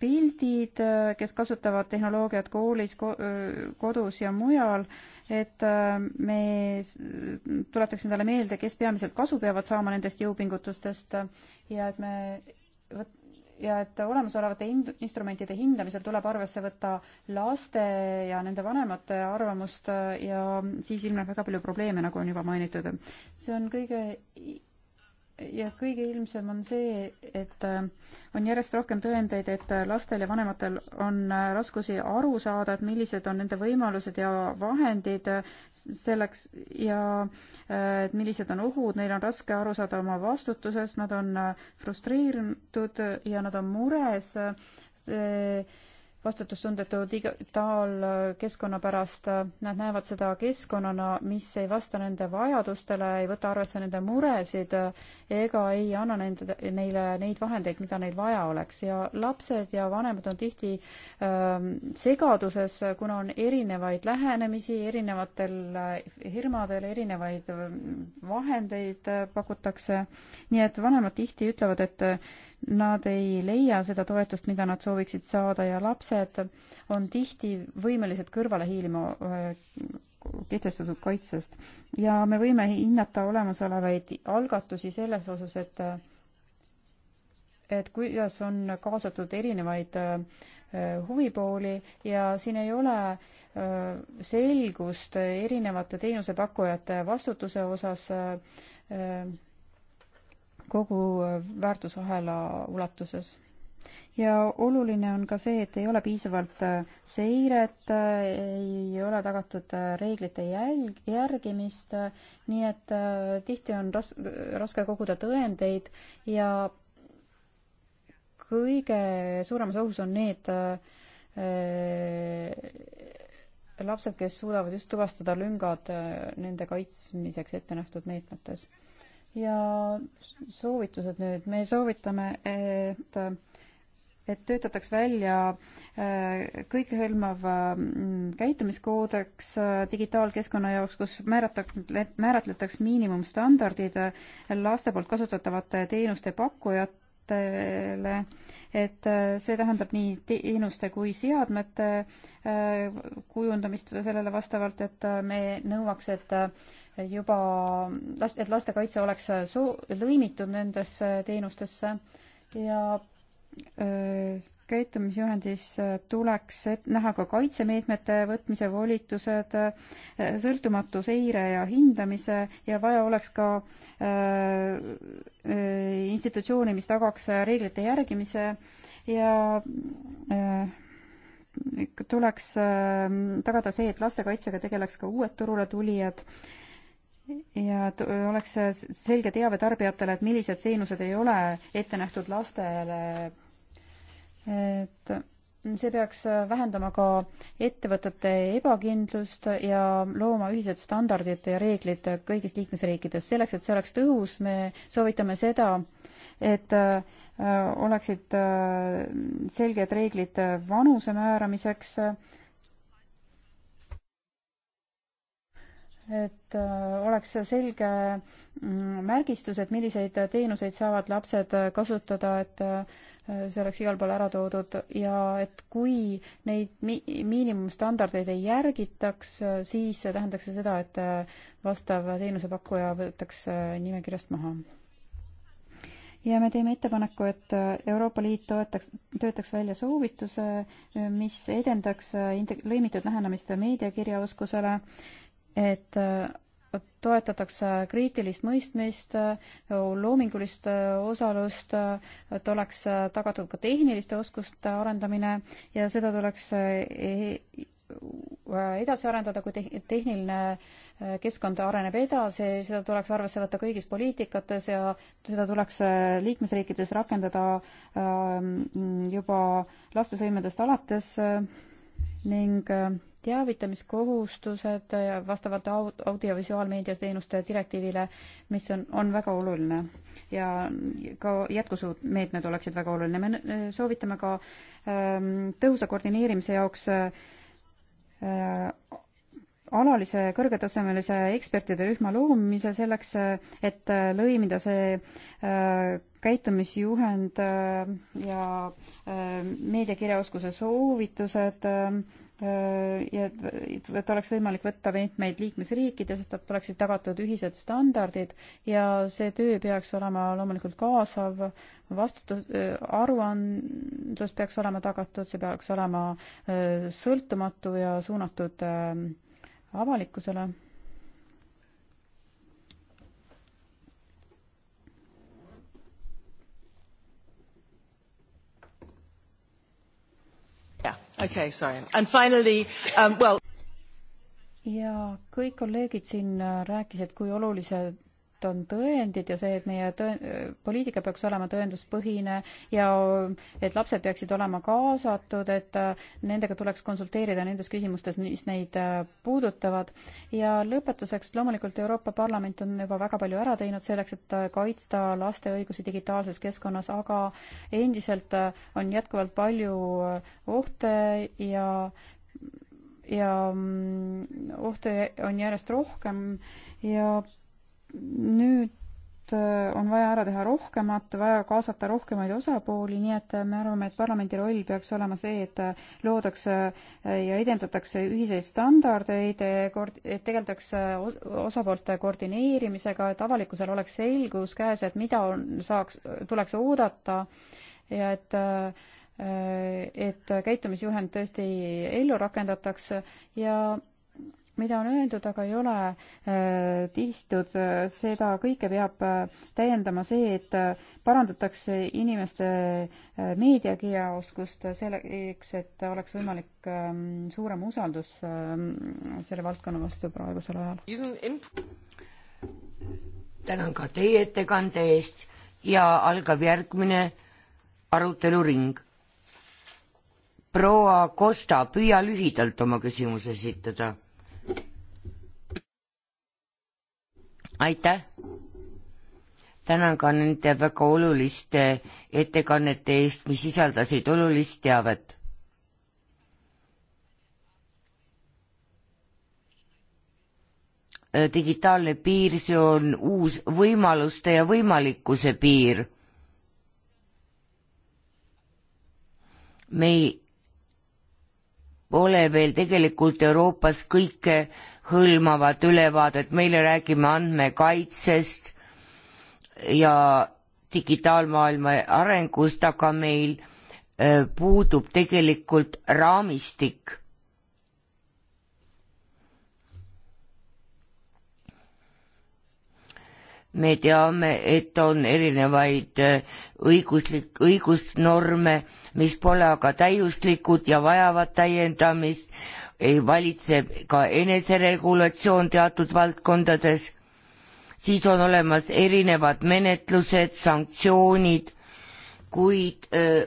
pildid, eh, kes kasutavad tehnoloogiat koolis ko, kodus ja mujal et äh, me tuletaks endale meelde, kes peamiselt kasu peavad saama nendest jõupingutustest ja et me ja et olemasolevate ind-, instrumentide hindamisel tuleb arvesse võtta laste ja nende vanemate arvamust ja siis ilmneb väga palju probleeme, nagu on juba mainitud. see on kõige ja kõige ilmsem on see, et äh, on järjest rohkem tõendeid, et äh, lastel ja vanematel on äh, raskusi aru saada, et millised on nende võimalused ja vahendid selleks ja et millised on ohud, neil on raske aru saada oma vastutusest, nad on frustreeritud ja nad on mures. see vastutustundetu digitaalkeskkonna pärast, nad näevad seda keskkonnana, mis ei vasta nende vajadustele, ei võta arvesse nende muresid ega ei anna nende, neile neid vahendeid, mida neil vaja oleks ja lapsed ja vanemad on tihti äh, segaduses, kuna on erinevaid lähenemisi, erinevatel firmadel äh, erinevaid äh, vahendeid äh, pakutakse, nii et vanemad tihti ütlevad, et nad ei leia seda toetust, mida nad sooviksid saada ja lapsed on tihti võimelised kõrvale hiilima äh, kehtestatud kaitsest. ja me võime hinnata olemasolevaid algatusi selles osas, et et kuidas on kaasatud erinevaid äh, huvipooli ja siin ei ole äh, selgust erinevate teenusepakkujate vastutuse osas kogu äh, väärtusahela ulatuses. ja oluline on ka see, et ei ole piisavalt äh, seiret, äh, ei ole tagatud reeglite jälg-, järgimist, nii et tihti on ras-, raske koguda tõendeid ja kõige suuremas ohus on need lapsed, kes suudavad just tuvastada lüngad nende kaitsmiseks ette nähtud meetmetes ja soovitused nüüd, me soovitame, et et töötataks välja äh, kõikehõlmav mm, käitumiskoodeks äh, digitaalkeskkonna jaoks, kus määratakse, määratletaks miinimumstandardid äh, laste poolt kasutatavate teenuste pakkujatele, et see tähendab nii teenuste kui seadmete kujundamist sellele vastavalt, et me nõuaks, et juba, et lastekaitse oleks äh, su-, lõimitud nendesse teenustesse ja äh, käitumisjuhendis äh, tuleks näha ka kaitsemeetmete võtmise volitused, sõltumatu seire ja hindamise ja vaja oleks ka institutsiooni, mis tagaks reeglite järgimise ja tuleks tagada see, et lastekaitsega tegeleks ka uued turule tulijad ja oleks selge teave tarbijatele, et millised teenused ei ole ette nähtud lastele. et see peaks vähendama ka ettevõtete ebakindlust ja looma ühised standardid ja reeglid kõigis liikmesriikides. selleks, et see oleks tõhus, me soovitame seda, et äh, oleksid äh, selged reeglid vanuse määramiseks et äh, oleks selge mm, märgistus, et milliseid teenuseid saavad lapsed äh, kasutada, et äh, see oleks igal pool ära toodud ja et kui neid mi-, miinimumstandardeid ei järgitaks, siis see tähendaks see seda, et vastav teenusepakkuja võetakse nimekirjast maha. ja me teeme ettepaneku, et Euroopa Liit toetaks, töötaks välja soovituse, mis edendaks inte-, lõimitud lähenemist meediakirjaoskusele, et äh, toetatakse kriitilist mõistmist, äh, loomingulist äh, osalust, et oleks tagatud ka tehniliste oskuste arendamine ja seda tuleks e, edasi arendada, kui tehniline keskkond areneb edasi, seda tuleks arvesse võtta kõigis poliitikates ja seda tuleks liikmesriikides rakendada juba laste sõimedest alates ning teavitamiskohustused vastavalt audiovisuaalmeedia teenuste direktiivile, mis on, on väga oluline ja ka jätkusuutmeetmed oleksid väga oluline. me soovitame ka ähm, tõhusa koordineerimise jaoks äh, alalise kõrgetasemelise ekspertide rühma loomise selleks, et lõimida see äh, käitumisjuhend äh, ja meediakirjaoskuse soovitused ja et, et, et oleks võimalik võtta meetmeid liikmesriikides, et oleksid tagatud ühised standardid ja see töö peaks olema loomulikult kaasav, vastutus, aruandlus peaks olema tagatud, see peaks olema sõltumatu ja suunatud avalikkusele Okay, sorry. And finally, um, well. ja kõik kolleegid siin äh, rääkisid, kui olulised on tõendid ja see, et meie tõe-, poliitika peaks olema tõenduspõhine ja et lapsed peaksid olema kaasatud, et äh, nendega tuleks konsulteerida nendes küsimustes, mis neid äh, puudutavad. ja lõpetuseks, loomulikult Euroopa Parlament on juba väga palju ära teinud selleks, et äh, kaitsta laste õigusi digitaalses keskkonnas, aga endiselt on jätkuvalt palju ohte ja ja mm, ohte on järjest rohkem ja nüüd äh, on vaja ära teha rohkemat, vaja kaasata rohkemaid osapooli, nii et äh, me arvame, et parlamendi roll peaks olema see, et äh, loodakse ja edendatakse ühiseid standardeid, et tegeldakse osapoolte koordineerimisega, et avalikkusel oleks selgus käes, et mida on, saaks, tuleks oodata ja et et käitumisjuhend tõesti ellu rakendatakse ja mida on öeldud, aga ei ole äh, tihtud, äh, seda kõike peab äh, täiendama see, et parandatakse inimeste meediakirjaoskust selleks, et oleks võimalik ähm, suurem usaldus ähm, selle valdkonna vastu praegusel ajal. tänan ka teie ettekande eest ja algab järgmine aruteluring. proua Kosta, püüa lühidalt oma küsimus esitada aitäh! tänan ka nende väga oluliste ettekannete eest, mis sisaldasid olulist teavet. Äh, digitaalne piir, see on uus võimaluste ja võimalikkuse piir. me ei pole veel tegelikult Euroopas kõike hõlmavat ülevaadet, meile räägime andmekaitsest ja digitaalmaailma arengust, aga meil äh, puudub tegelikult raamistik me teame, et on erinevaid äh, õiguslik, õigusnorme, mis pole aga täiuslikud ja vajavad täiendamist, valitseb ka eneseregulatsioon teatud valdkondades, siis on olemas erinevad menetlused, sanktsioonid, kuid öö, äh,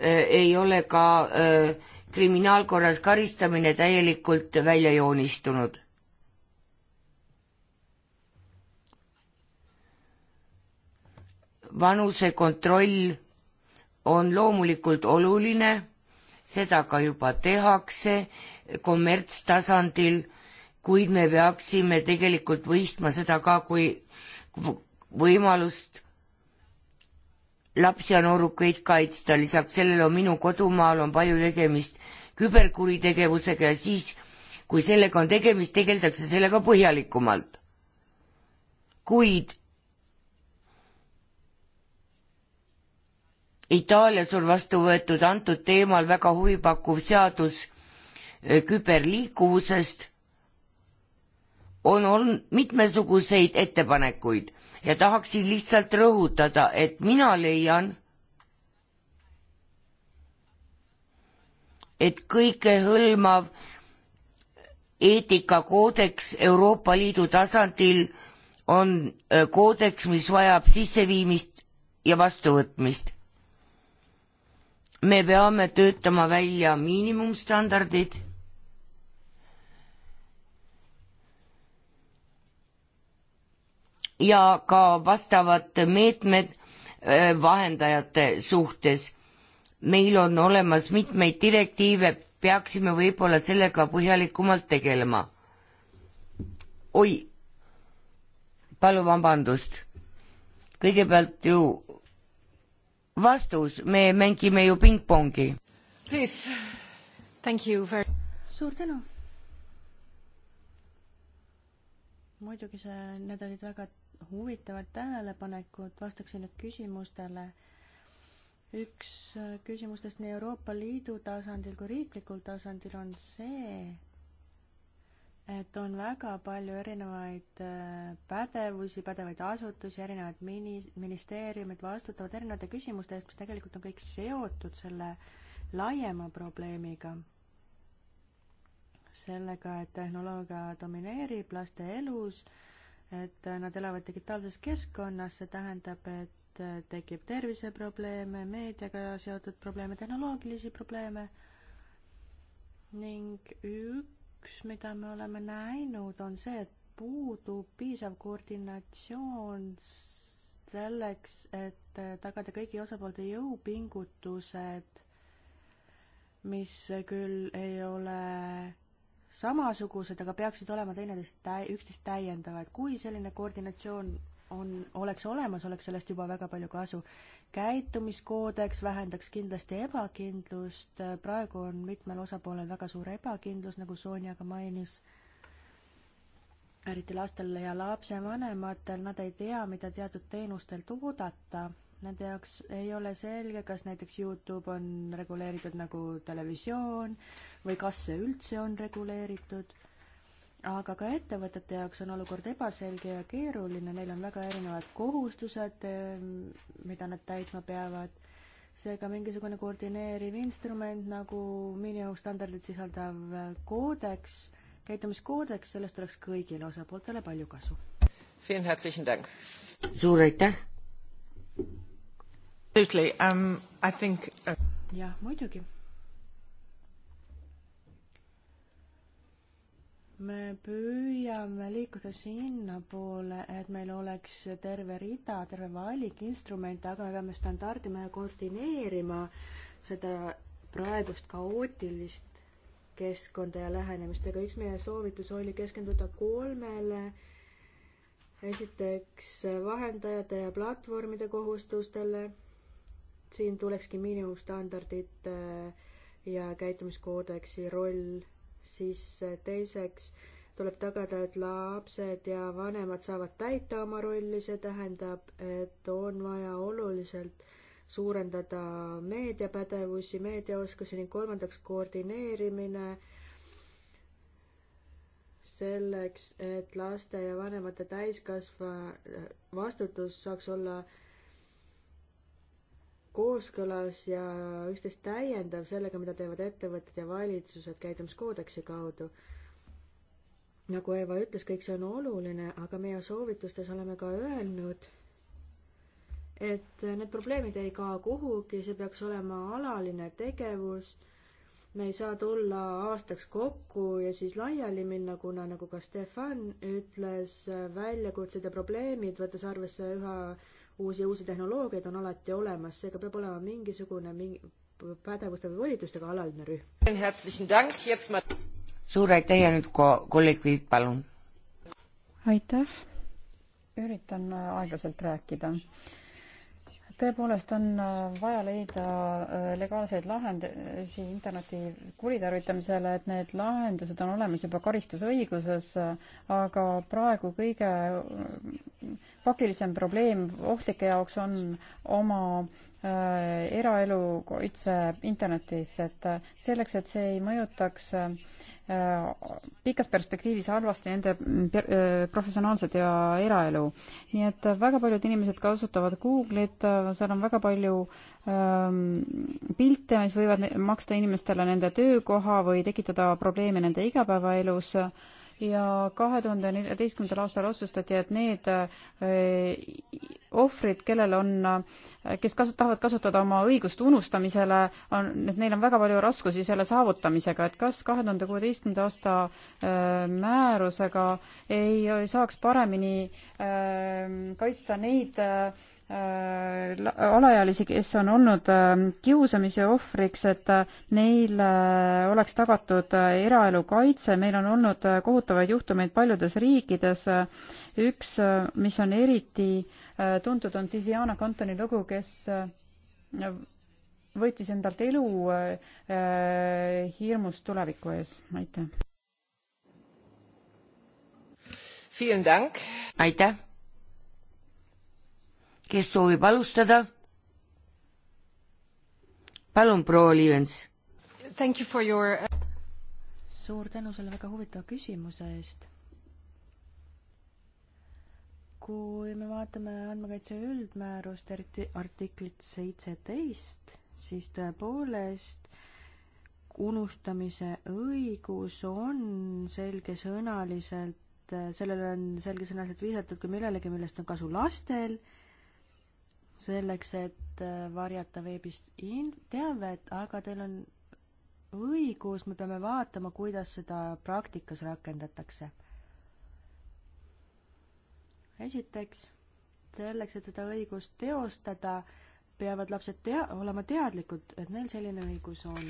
öö, äh, ei ole ka öö, kriminaalkorras karistamine täielikult välja joonistunud vanusekontroll on loomulikult oluline, seda ka juba tehakse kommertstasandil, kuid me peaksime tegelikult võistma seda ka kui võimalust lapsi ja noorukeid kaitsta, lisaks sellele on minu kodumaal on palju tegemist küberkuritegevusega ja siis, kui sellega on tegemist, tegeldakse sellega põhjalikumalt. kuid Itaalias on vastu võetud antud teemal väga huvipakkuv seadus eh, küberliikuvusest, on olnud mitmesuguseid ettepanekuid ja tahaksin lihtsalt rõhutada, et mina leian, et kõikehõlmav eetikakoodeks Euroopa Liidu tasandil on eh, koodeks, mis vajab sisseviimist ja vastuvõtmist me peame töötama välja miinimumstandardid ja ka vastavad meetmed äh, vahendajate suhtes. meil on olemas mitmeid direktiive, peaksime võib-olla sellega põhjalikumalt tegelema. oi, palun vabandust. kõigepealt ju vastus, me mängime ju pingpongi. Very... suur tänu. muidugi see, need olid väga huvitavad tähelepanekud, vastaksin nüüd küsimustele. üks küsimustest nii Euroopa Liidu tasandil kui riiklikul tasandil on see, et on väga palju erinevaid äh, pädevusi, pädevaid asutusi, erinevad mini-, ministeeriumid vastutavad erinevate küsimuste eest, mis tegelikult on kõik seotud selle laiema probleemiga. sellega, et tehnoloogia domineerib laste elus, et nad elavad digitaalses keskkonnas, see tähendab, et äh, tekib terviseprobleeme, meediaga seotud probleeme, tehnoloogilisi probleeme ning ük-, üks, mida me oleme näinud, on see, et puudub piisav koordinatsioon selleks, et äh, tagada kõigi osapoolte jõupingutused, mis küll ei ole samasugused, aga peaksid olema teineteist täi-, üksteist täiendavad. kui selline koordinatsioon on, oleks olemas, oleks sellest juba väga palju kasu. käitumiskoodeks vähendaks kindlasti ebakindlust, praegu on mitmel osapoolel väga suur ebakindlus, nagu Sonja ka mainis, eriti lastel ja lapsevanematel, nad ei tea, mida teatud teenustelt oodata. Nende jaoks ei ole selge, kas näiteks Youtube on reguleeritud nagu televisioon või kas see üldse on reguleeritud aga ka ettevõtete jaoks on olukord ebaselge ja keeruline, neil on väga erinevad kohustused, eh, mida nad täitma peavad, seega mingisugune koordineeriv instrument nagu miinimumstandardid sisaldav eh, koodeks, käitumiskoodeks, sellest oleks kõigile osapooltele palju kasu. suur aitäh! Um, uh, jah, muidugi me püüame liikuda sinnapoole, et meil oleks terve rida, terve valik instrumente, aga me peame standardima ja koordineerima seda praegust kaootilist keskkonda ja lähenemist, aga üks meie soovitus oli keskenduda kolmele esiteks vahendajate ja platvormide kohustustele, siin tulekski miinimumstandardid ja käitumiskoodeksi roll siis eh, teiseks tuleb tagada, et lapsed ja vanemad saavad täita oma rolli, see tähendab, et on vaja oluliselt suurendada meediapädevusi, meediaoskusi ning kolmandaks koordineerimine selleks, et laste ja vanemate täiskasva vastutus saaks olla äh, kooskõlas ja üksteist täiendav sellega, mida teevad ettevõtted ja valitsused käitumiskoodeksi kaudu. nagu Eva ütles, kõik see on oluline, aga meie soovitustes oleme ka öelnud, et need probleemid ei kao kuhugi, see peaks olema alaline tegevus, me ei saa tulla aastaks kokku ja siis laiali minna, kuna nagu ka Stefan ütles, väljakutsed ja probleemid, võttes arvesse üha uusi ja uusi tehnoloogiaid on alati olemas, seega peab olema mingisugune mingi pädevuste või volitustega alaline rühm. suur aitäh ja nüüd ko-, kolleeg Vilt, palun. aitäh, üritan aeglaselt rääkida tõepoolest on äh, vaja leida äh, legaalseid lahendusi interneti kuritarvitamisele, et need lahendused on olemas juba karistusõiguses, äh, aga praegu kõige pakilisem probleem ohtlike jaoks on oma eraelu kaitse internetis, et selleks, et see ei mõjutaks pikas perspektiivis halvasti nende per, professionaalset ja eraelu. nii et väga paljud inimesed kasutavad Google'it, seal on väga palju ähm, pilte, mis võivad maksta inimestele nende töökoha või tekitada probleeme nende igapäevaelus äh, ja kahe tuhande neljateistkümnendal aastal otsustati, et need eh, ohvrid, kellel on, eh, kes kasu-, tahavad kasutada oma õigust unustamisele, on, et neil on väga palju raskusi selle saavutamisega, et kas kahe tuhande kuueteistkümnenda aasta eh, määrusega ei, ei saaks paremini kaitsta neid äh, Äh, alaealisi, kes on olnud äh, kiusamise ohvriks, et äh, neile oleks tagatud eraelu kaitse, meil on olnud kohutavaid juhtumeid paljudes riikides, üks, mis on eriti tuntud, on Tiziana Cantoni lugu, kes võttis endalt elu hirmus tuleviku ees, aitäh. aitäh kes soovib alustada? palun, proua Liivens. Your... Uh, suur tänu selle väga huvitava küsimuse eest. kui me vaatame andmekaitse üldmäärust artiklit seitseteist, siis tõepoolest unustamise õigus on selgesõnaliselt, sellele on selgesõnaliselt viidatud kui millelegi, millest on kasu lastel selleks, et äh, varjata veebist in-, teavet, aga teil on õigus, me peame vaatama, kuidas seda praktikas rakendatakse. esiteks, selleks, et seda õigust teostada, peavad lapsed tea-, olema teadlikud, et neil selline õigus on.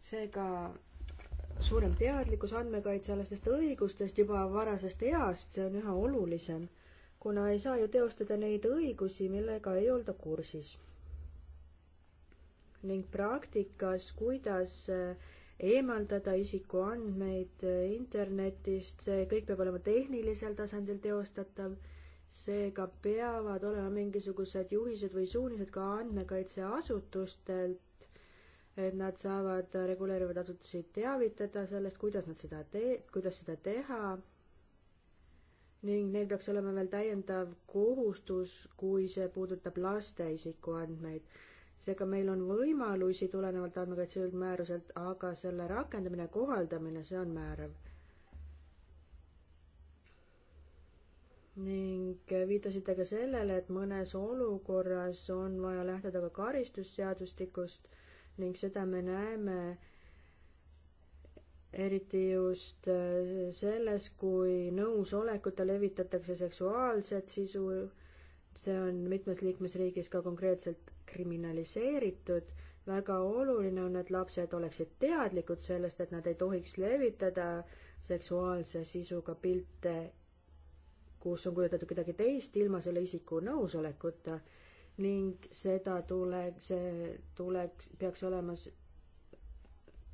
seega suurem teadlikkus andmekaitsealastest õigustest juba varasest east, see on üha olulisem kuna ei saa ju teostada neid õigusi, millega ei olda kursis. ning praktikas, kuidas eh, eemaldada isikuandmeid eh, internetist, see kõik peab olema tehnilisel tasandil teostatav, seega peavad olema mingisugused juhised või suunised ka andmekaitseasutustelt, et nad saavad reguleerivaid asutusi teavitada sellest, kuidas nad seda tee-, kuidas seda teha ning neil peaks olema veel täiendav kohustus, kui see puudutab laste isikuandmeid. seega meil on võimalusi tulenevalt andmekaitse üldmääruselt, aga selle rakendamine, kohaldamine, see on määrav. ning viitasite ka sellele, et mõnes olukorras on vaja lähtuda ka karistusseadustikust ning seda me näeme eriti just äh, selles, kui nõusolekuta levitatakse seksuaalset sisu, see on mitmes liikmesriigis ka konkreetselt kriminaliseeritud, väga oluline on, et lapsed oleksid teadlikud sellest, et nad ei tohiks levitada seksuaalse sisuga pilte, kus on kujutatud kedagi teist ilma selle isiku nõusolekuta ning seda tule, see tuleks, peaks olema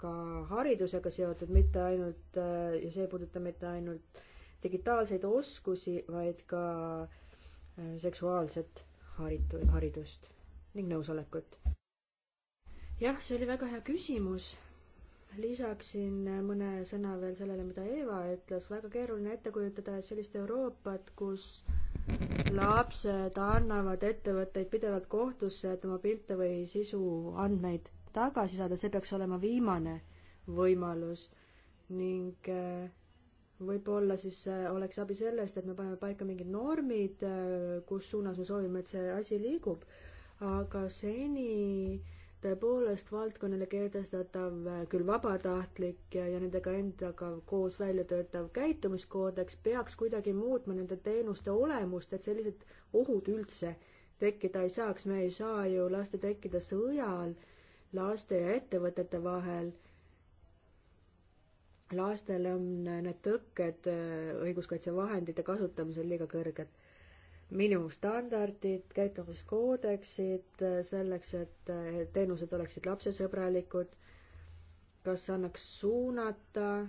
ka haridusega seotud, mitte ainult, äh, ja see ei puuduta mitte ainult digitaalseid oskusi, vaid ka äh, seksuaalset haritu-, haridust ning nõusolekut. jah, see oli väga hea küsimus. lisaksin mõne sõna veel sellele, mida Eeva ütles, väga keeruline ette kujutada sellist Euroopat, kus lapsed annavad ettevõtteid pidevalt kohtusse, et oma pilte või sisu andmeid tagasi saada, see peaks olema viimane võimalus ning äh, võib-olla siis äh, oleks abi sellest, et me paneme paika mingid normid, äh, kus suunas me soovime, et see asi liigub, aga seni tõepoolest valdkonnale kehtestatav küll vabatahtlik ja, ja nendega endaga koos välja töötav käitumiskoodeks peaks kuidagi muutma nende teenuste olemust, et sellised ohud üldse tekkida ei saaks, me ei saa ju lasta tekkida sõjal äh, laste ja ettevõtete vahel. lastele on need tõkked äh, õiguskaitsevahendite kasutamisel liiga kõrged. miinimumstandardid, käitumiskoodeksid äh, selleks, et äh, teenused oleksid lapsesõbralikud, kas annaks suunata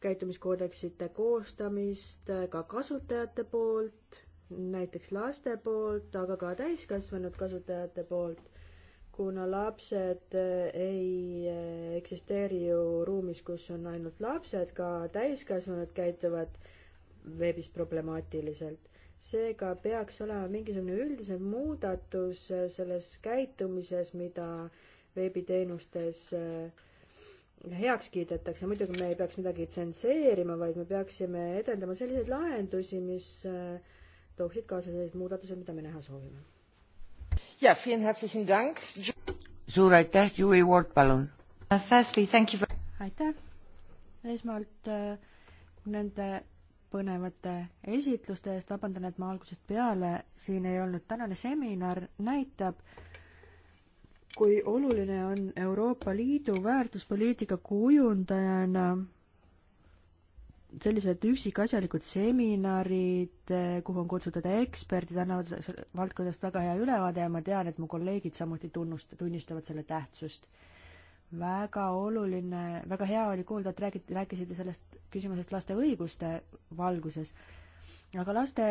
käitumiskoodeksite koostamist ka kasutajate poolt näiteks laste poolt, aga ka täiskasvanud kasutajate poolt, kuna lapsed eh, ei eh, eksisteeri ju ruumis, kus on ainult lapsed, ka täiskasvanud käituvad veebis problemaatiliselt. seega peaks olema mingisugune üldisem muudatus eh, selles käitumises, mida veebiteenustes heaks kiidetakse, muidugi me ei peaks midagi tsenseerima, vaid me peaksime edendama selliseid lahendusi, mis äh, tooksid kaasa sellised muudatused, mida me näha soovime. suur aitäh, Julie Ward, palun uh,! aitäh! esmalt uh, nende põnevate esitluste eest, vabandan, et ma algusest peale siin ei olnud, tänane seminar näitab, kui oluline on Euroopa Liidu väärtuspoliitika kujundajana sellised üksikasjalikud seminarid, eh, kuhu on kutsutud eksperdid, annavad valdkonnast väga hea ülevaade ja ma tean, et mu kolleegid samuti tunnust-, tunnistavad selle tähtsust. väga oluline, väga hea oli kuulda, et räägiti, rääkisite sellest küsimusest laste õiguste valguses aga laste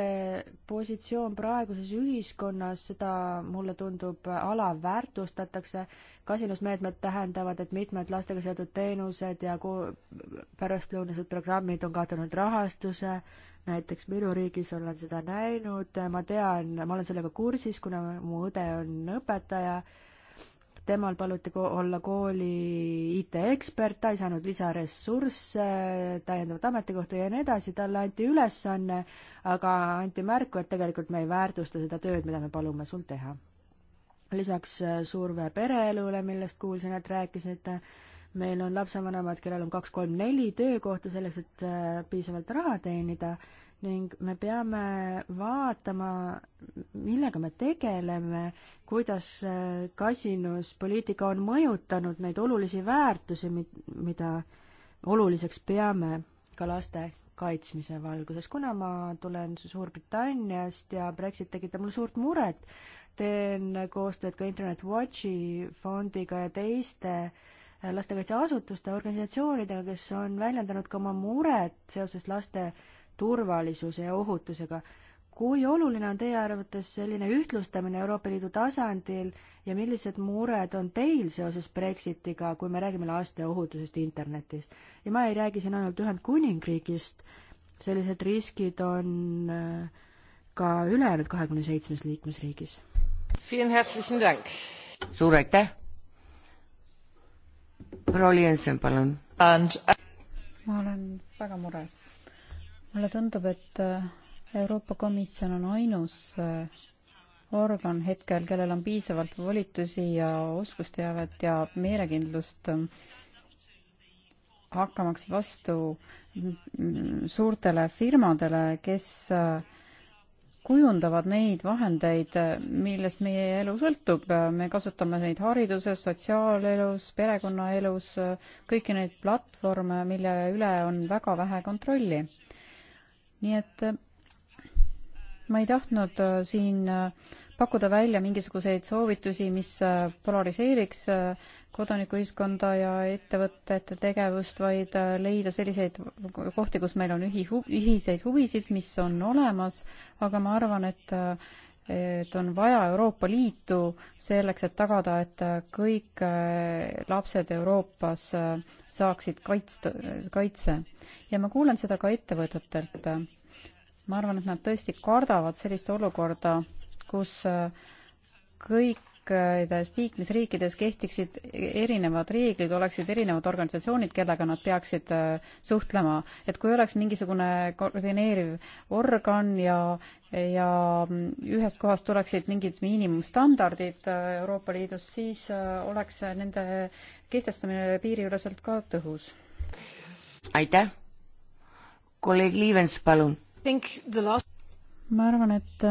positsioon praeguses ühiskonnas, seda mulle tundub, alaväärtustatakse. kasinusmeetmed tähendavad, et mitmed lastega seotud teenused ja pärastlõunased programmid on kaotanud rahastuse, näiteks minu riigis olen seda näinud, ma tean, ma olen sellega kursis, kuna mu õde on õpetaja temal paluti ko olla kooli IT-ekspert, ta ei saanud lisaressursse, täiendavat ametikohta ja nii edasi, talle anti ülesanne, aga anti märku, et tegelikult me ei väärtusta seda tööd, mida me palume sul teha. lisaks äh, surve pereelule, millest kuulsin, et rääkisite, äh, meil on lapsevanemad, kellel on kaks-kolm-neli töökohta selleks, et äh, piisavalt raha teenida ning me peame vaatama, millega me tegeleme, kuidas äh, kasinuspoliitika on mõjutanud neid olulisi väärtusi, mida oluliseks peame ka laste kaitsmise valguses. kuna ma tulen Suurbritanniast ja Brexit tekitab mulle suurt muret, teen koostööd ka Internet Watchi fondiga ja teiste äh, lastekaitseasutuste, organisatsioonidega, kes on väljendanud ka oma muret seoses laste turvalisuse ja ohutusega. kui oluline on teie arvates selline ühtlustamine Euroopa Liidu tasandil ja millised mured on teil seoses Brexitiga, kui me räägime laste ohutusest internetis? ja ma ei räägi siin ainult Ühendkuningriigist, sellised riskid on äh, ka ülejäänud kahekümne seitsmes liikmesriigis. suur aitäh! proua Liensen, palun. ma olen väga mures mulle tundub, et äh, Euroopa Komisjon on ainus äh, organ hetkel, kellel on piisavalt volitusi ja oskusteavet ja meelekindlust äh, hakkamaks vastu mm, mm, suurtele firmadele, kes kujundavad neid vahendeid, millest meie elu sõltub. me kasutame neid hariduses, sotsiaalelus, perekonnaelus, kõiki neid platvorme, mille üle on väga vähe kontrolli nii et äh, ma ei tahtnud äh, siin äh, pakkuda välja mingisuguseid soovitusi, mis polariseeriks kodanikuühiskonda ja ettevõtete tegevust, vaid leida selliseid kohti, kus meil on ühi-, ühiseid huvisid, mis on olemas, aga ma arvan, et et on vaja Euroopa Liitu selleks, et tagada, et kõik äh, lapsed Euroopas äh, saaksid kaitsta, kaitse. ja ma kuulen seda ka ettevõtetelt. ma arvan, et nad tõesti kardavad sellist olukorda, kus äh, kõik kõikides äh, liikmesriikides kehtiksid erinevad reeglid, oleksid erinevad organisatsioonid, kellega nad peaksid äh, suhtlema. et kui oleks mingisugune koordineeriv organ ja, ja ühest kohast tuleksid mingid miinimumstandardid äh, Euroopa Liidus, siis oleks nende kehtestamine piiriüleselt ka tõhus. aitäh! kolleeg Liivens, palun! ma arvan, et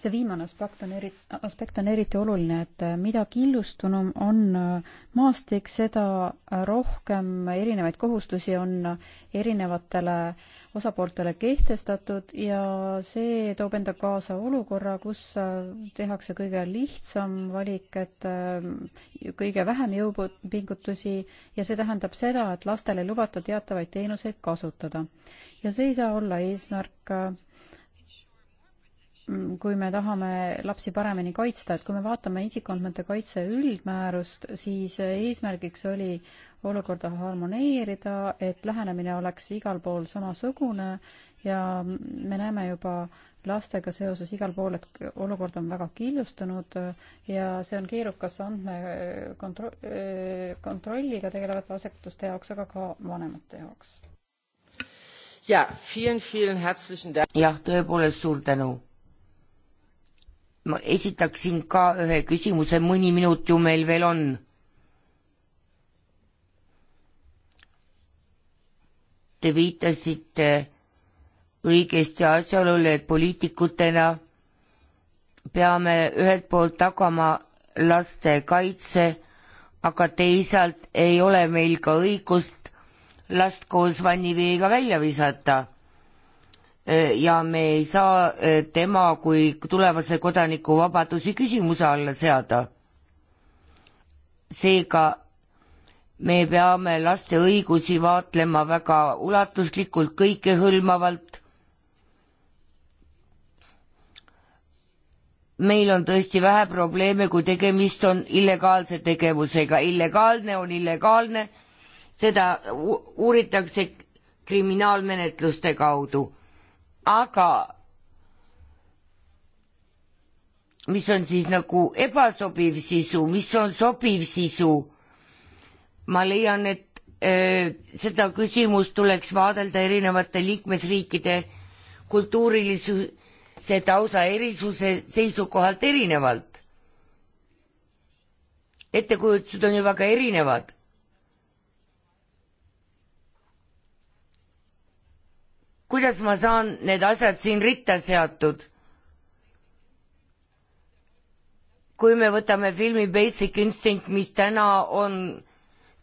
see viimane aspekt on eri, aspekt on eriti oluline, et mida killustunum on äh, maastik, seda rohkem erinevaid kohustusi on erinevatele osapooltele kehtestatud ja see toob enda kaasa olukorra, kus äh, tehakse kõige lihtsam valik, et äh, kõige vähem jõupingutusi ja see tähendab seda, et lastele ei lubata teatavaid teenuseid kasutada. ja see ei saa olla eesmärk Mm, kui me tahame lapsi paremini kaitsta, et kui me vaatame isikuandmete kaitse üldmäärust, siis eesmärgiks oli olukorda harmoneerida, et lähenemine oleks igal pool samasugune ja me näeme juba lastega seoses igal pool, et olukord on väga killustunud ja see on keerukas andmekontro-, eh, kontrolliga tegelevate asutuste jaoks, aga ka vanemate jaoks. jah, tõepoolest suur tänu ma esitaksin ka ühe küsimuse, mõni minut ju meil veel on. Te viitasite õigesti asjaolule, et poliitikutena peame ühelt poolt tagama laste kaitse, aga teisalt ei ole meil ka õigust last koos vanniveega välja visata Äh, ja me ei saa äh, tema kui tulevase kodaniku vabadusi küsimuse alla seada. seega me peame laste õigusi vaatlema väga ulatuslikult, kõikehõlmavalt. meil on tõesti vähe probleeme, kui tegemist on illegaalse tegevusega, illegaalne on illegaalne, seda uuritakse kriminaalmenetluste kaudu aga mis on siis nagu ebasobiv sisu, mis on sobiv sisu, ma leian, et öö, äh, seda küsimust tuleks vaadelda erinevate liikmesriikide kultuurilisuse tausa erisuse seisukohalt erinevalt. ettekujutused on ju väga erinevad. kuidas ma saan need asjad siin ritta seatud? kui me võtame filmi Basic Instinct, mis täna on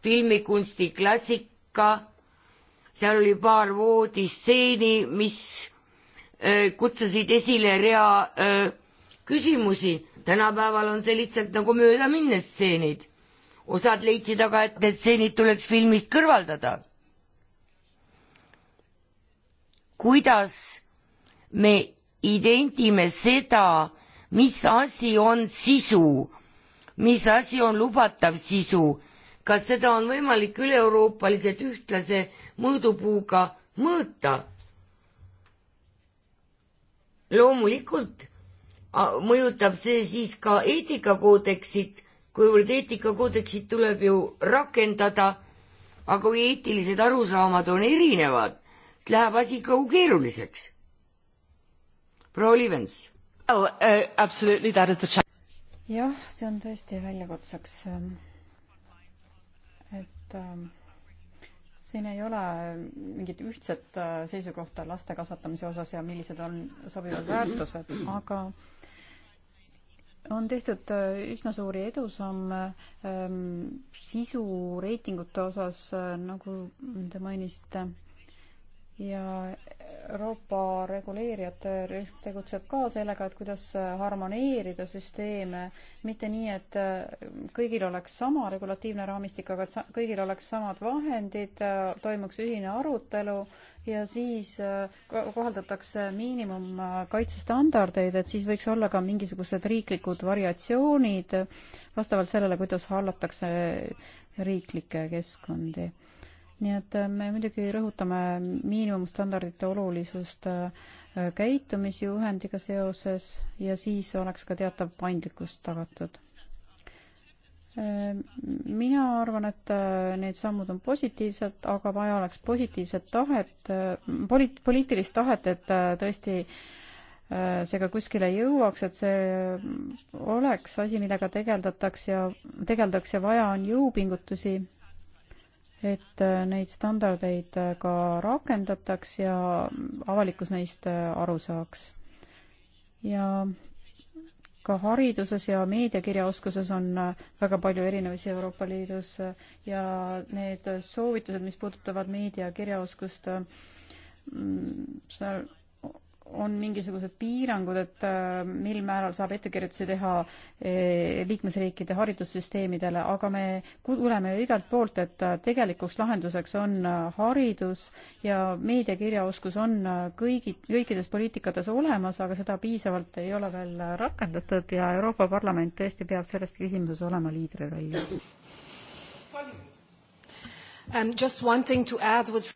filmikunsti klassika, seal oli paar voodistseeni, mis öö, äh, kutsusid esile rea öö, äh, küsimusi. tänapäeval on see lihtsalt nagu möödaminnes stseenid. osad leidsid aga, et need stseenid tuleks filmist kõrvaldada kuidas me identime seda, mis asi on sisu, mis asi on lubatav sisu, kas seda on võimalik üle-euroopaliselt ühtlase mõõdupuuga mõõta? loomulikult mõjutab see siis ka eetikakoodeksit, kuivõrd eetikakoodeksit tuleb ju rakendada, aga kui eetilised arusaamad on erinevad, läheb asi kogu keeruliseks. proua Olivens oh,. Uh, jah, see on tõesti väljakutseks. Ähm, et ähm, siin ei ole mingit ühtset äh, seisukohta laste kasvatamise osas ja millised on sobivad väärtused, aga on tehtud äh, üsna suuri edusamme ähm, sisu reitingute osas, äh, nagu te mainisite ja Euroopa reguleerijate rühm tegutseb ka sellega, et kuidas harmoneerida süsteeme, mitte nii, et äh, kõigil oleks sama regulatiivne raamistik, aga et kõigil oleks samad vahendid, äh, toimuks ühine arutelu ja siis äh, kohaldatakse miinimumkaitsestandardeid, et siis võiks olla ka mingisugused riiklikud variatsioonid vastavalt sellele, kuidas hallatakse riiklikke keskkondi nii et äh, me muidugi rõhutame miinimumstandardite olulisust äh, käitumisjuhendiga seoses ja siis oleks ka teatav paindlikkus tagatud. Äh, mina arvan, et need sammud on positiivsed, aga vaja oleks positiivset tahet, poliit-, poliitilist tahet, et tõesti see ka kuskile jõuaks, et see oleks asi, millega tegeldataks ja, tegeldakse, vaja on jõupingutusi et äh, neid standardeid äh, ka rakendataks ja avalikkus neist äh, aru saaks. ja ka hariduses ja meediakirjaoskuses on väga palju erinevusi Euroopa Liidus ja need soovitused, mis puudutavad meediakirjaoskust, mm, seal on mingisugused piirangud, et äh, mil määral saab ettekirjutusi teha äh, liikmesriikide haridussüsteemidele, aga me kuuleme ju igalt poolt, et äh, tegelikuks lahenduseks on haridus ja meediakirjaoskus on kõigi, kõikides poliitikates olemas, aga seda piisavalt ei ole veel rakendatud ja Euroopa Parlament tõesti peab selles küsimuses olema liidri rollis. Um, just wanting to add with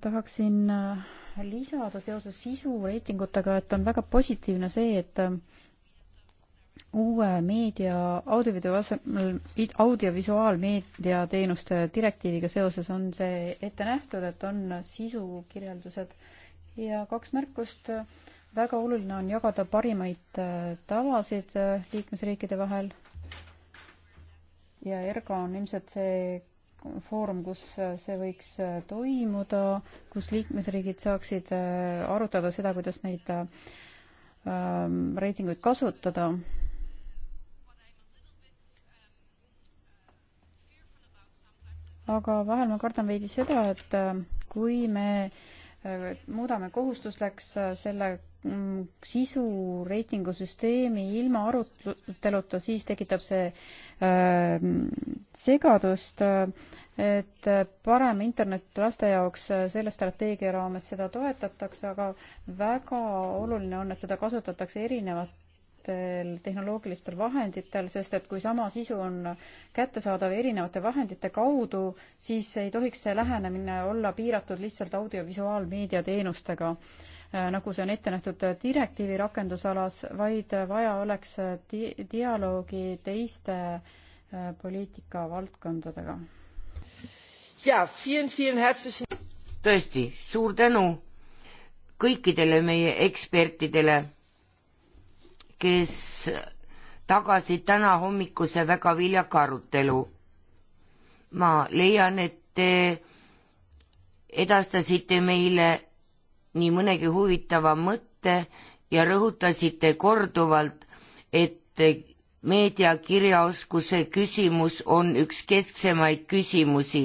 tahaksin lisada seoses sisureitingutega, et on väga positiivne see, et äh, uue meedia audiovisuaal, audiovisuaalmeedia teenuste direktiiviga seoses on see ette nähtud, et on sisukirjeldused ja kaks märkust. väga oluline on jagada parimaid äh, tavasid äh, liikmesriikide vahel ja ERGO on ilmselt see foorum, kus äh, see võiks äh, toimuda, kus liikmesriigid saaksid äh, arutada seda, kuidas neid ähm, reitinguid kasutada. aga vahel ma kardan veidi seda, et kui me muudame kohustusleks selle Mm, sisu reitingusüsteemi ilma aruteluta, siis tekitab see ähm, äh, segadust, et parem internet laste jaoks äh, selle strateegia raames seda toetatakse, aga väga oluline on, et seda kasutatakse erinevat tehnoloogilistel vahenditel, sest et kui sama sisu on kättesaadav erinevate vahendite kaudu, siis ei tohiks see lähenemine olla piiratud lihtsalt audiovisuaalmeedia teenustega äh, Äh, nagu see on ette nähtud direktiivi rakendusalas, vaid vaja oleks di-, dialoogi teiste äh, poliitikavaldkondadega. tõesti, suur tänu kõikidele meie ekspertidele, kes tagasid täna hommikuse väga viljaka arutelu. ma leian, et te edastasite meile nii mõnegi huvitava mõtte ja rõhutasite korduvalt, et meediakirjaoskuse küsimus on üks kesksemaid küsimusi,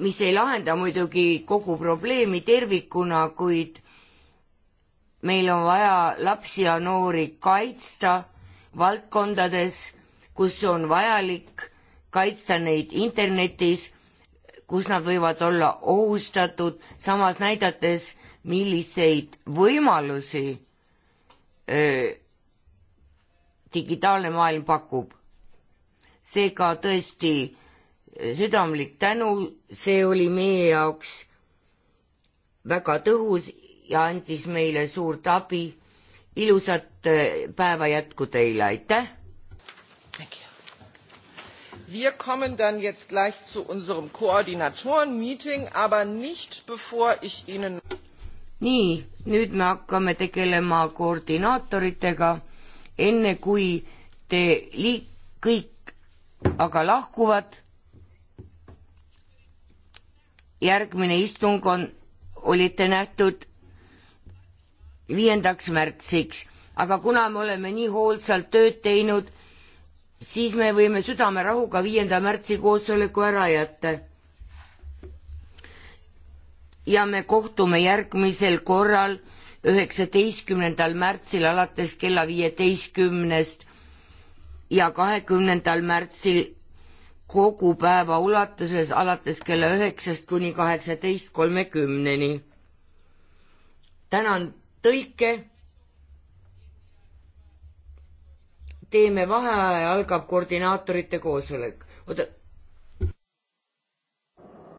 mis ei lahenda muidugi kogu probleemi tervikuna, kuid meil on vaja lapsi ja noori kaitsta valdkondades, kus on vajalik kaitsta neid internetis kus nad võivad olla ohustatud, samas näidates, milliseid võimalusi öö, digitaalne maailm pakub. seega tõesti südamlik tänu, see oli meie jaoks väga tõhus ja andis meile suurt abi. ilusat päeva jätku teile, aitäh! wir kommen dann jetzt gleich zu unserem Koordinatoren-Meeting, aber nicht bevor ich Ihnen... nii, nüüd me hakkame tegelema koordinaatoritega, enne kui te liik-, kõik aga lahkuvad. järgmine istung on, oli ette nähtud viiendaks märtsiks, aga kuna me oleme nii hoolsalt tööd teinud, siis me võime südamerahuga viienda märtsi koosoleku ära jätta. ja me kohtume järgmisel korral üheksateistkümnendal märtsil alates kella viieteistkümnest ja kahekümnendal märtsil kogu päeva ulatuses alates kella üheksast kuni kaheksateist kolmekümneni. tänan tõlke teeme vaheaja, algab koordinaatorite koosolek. oota,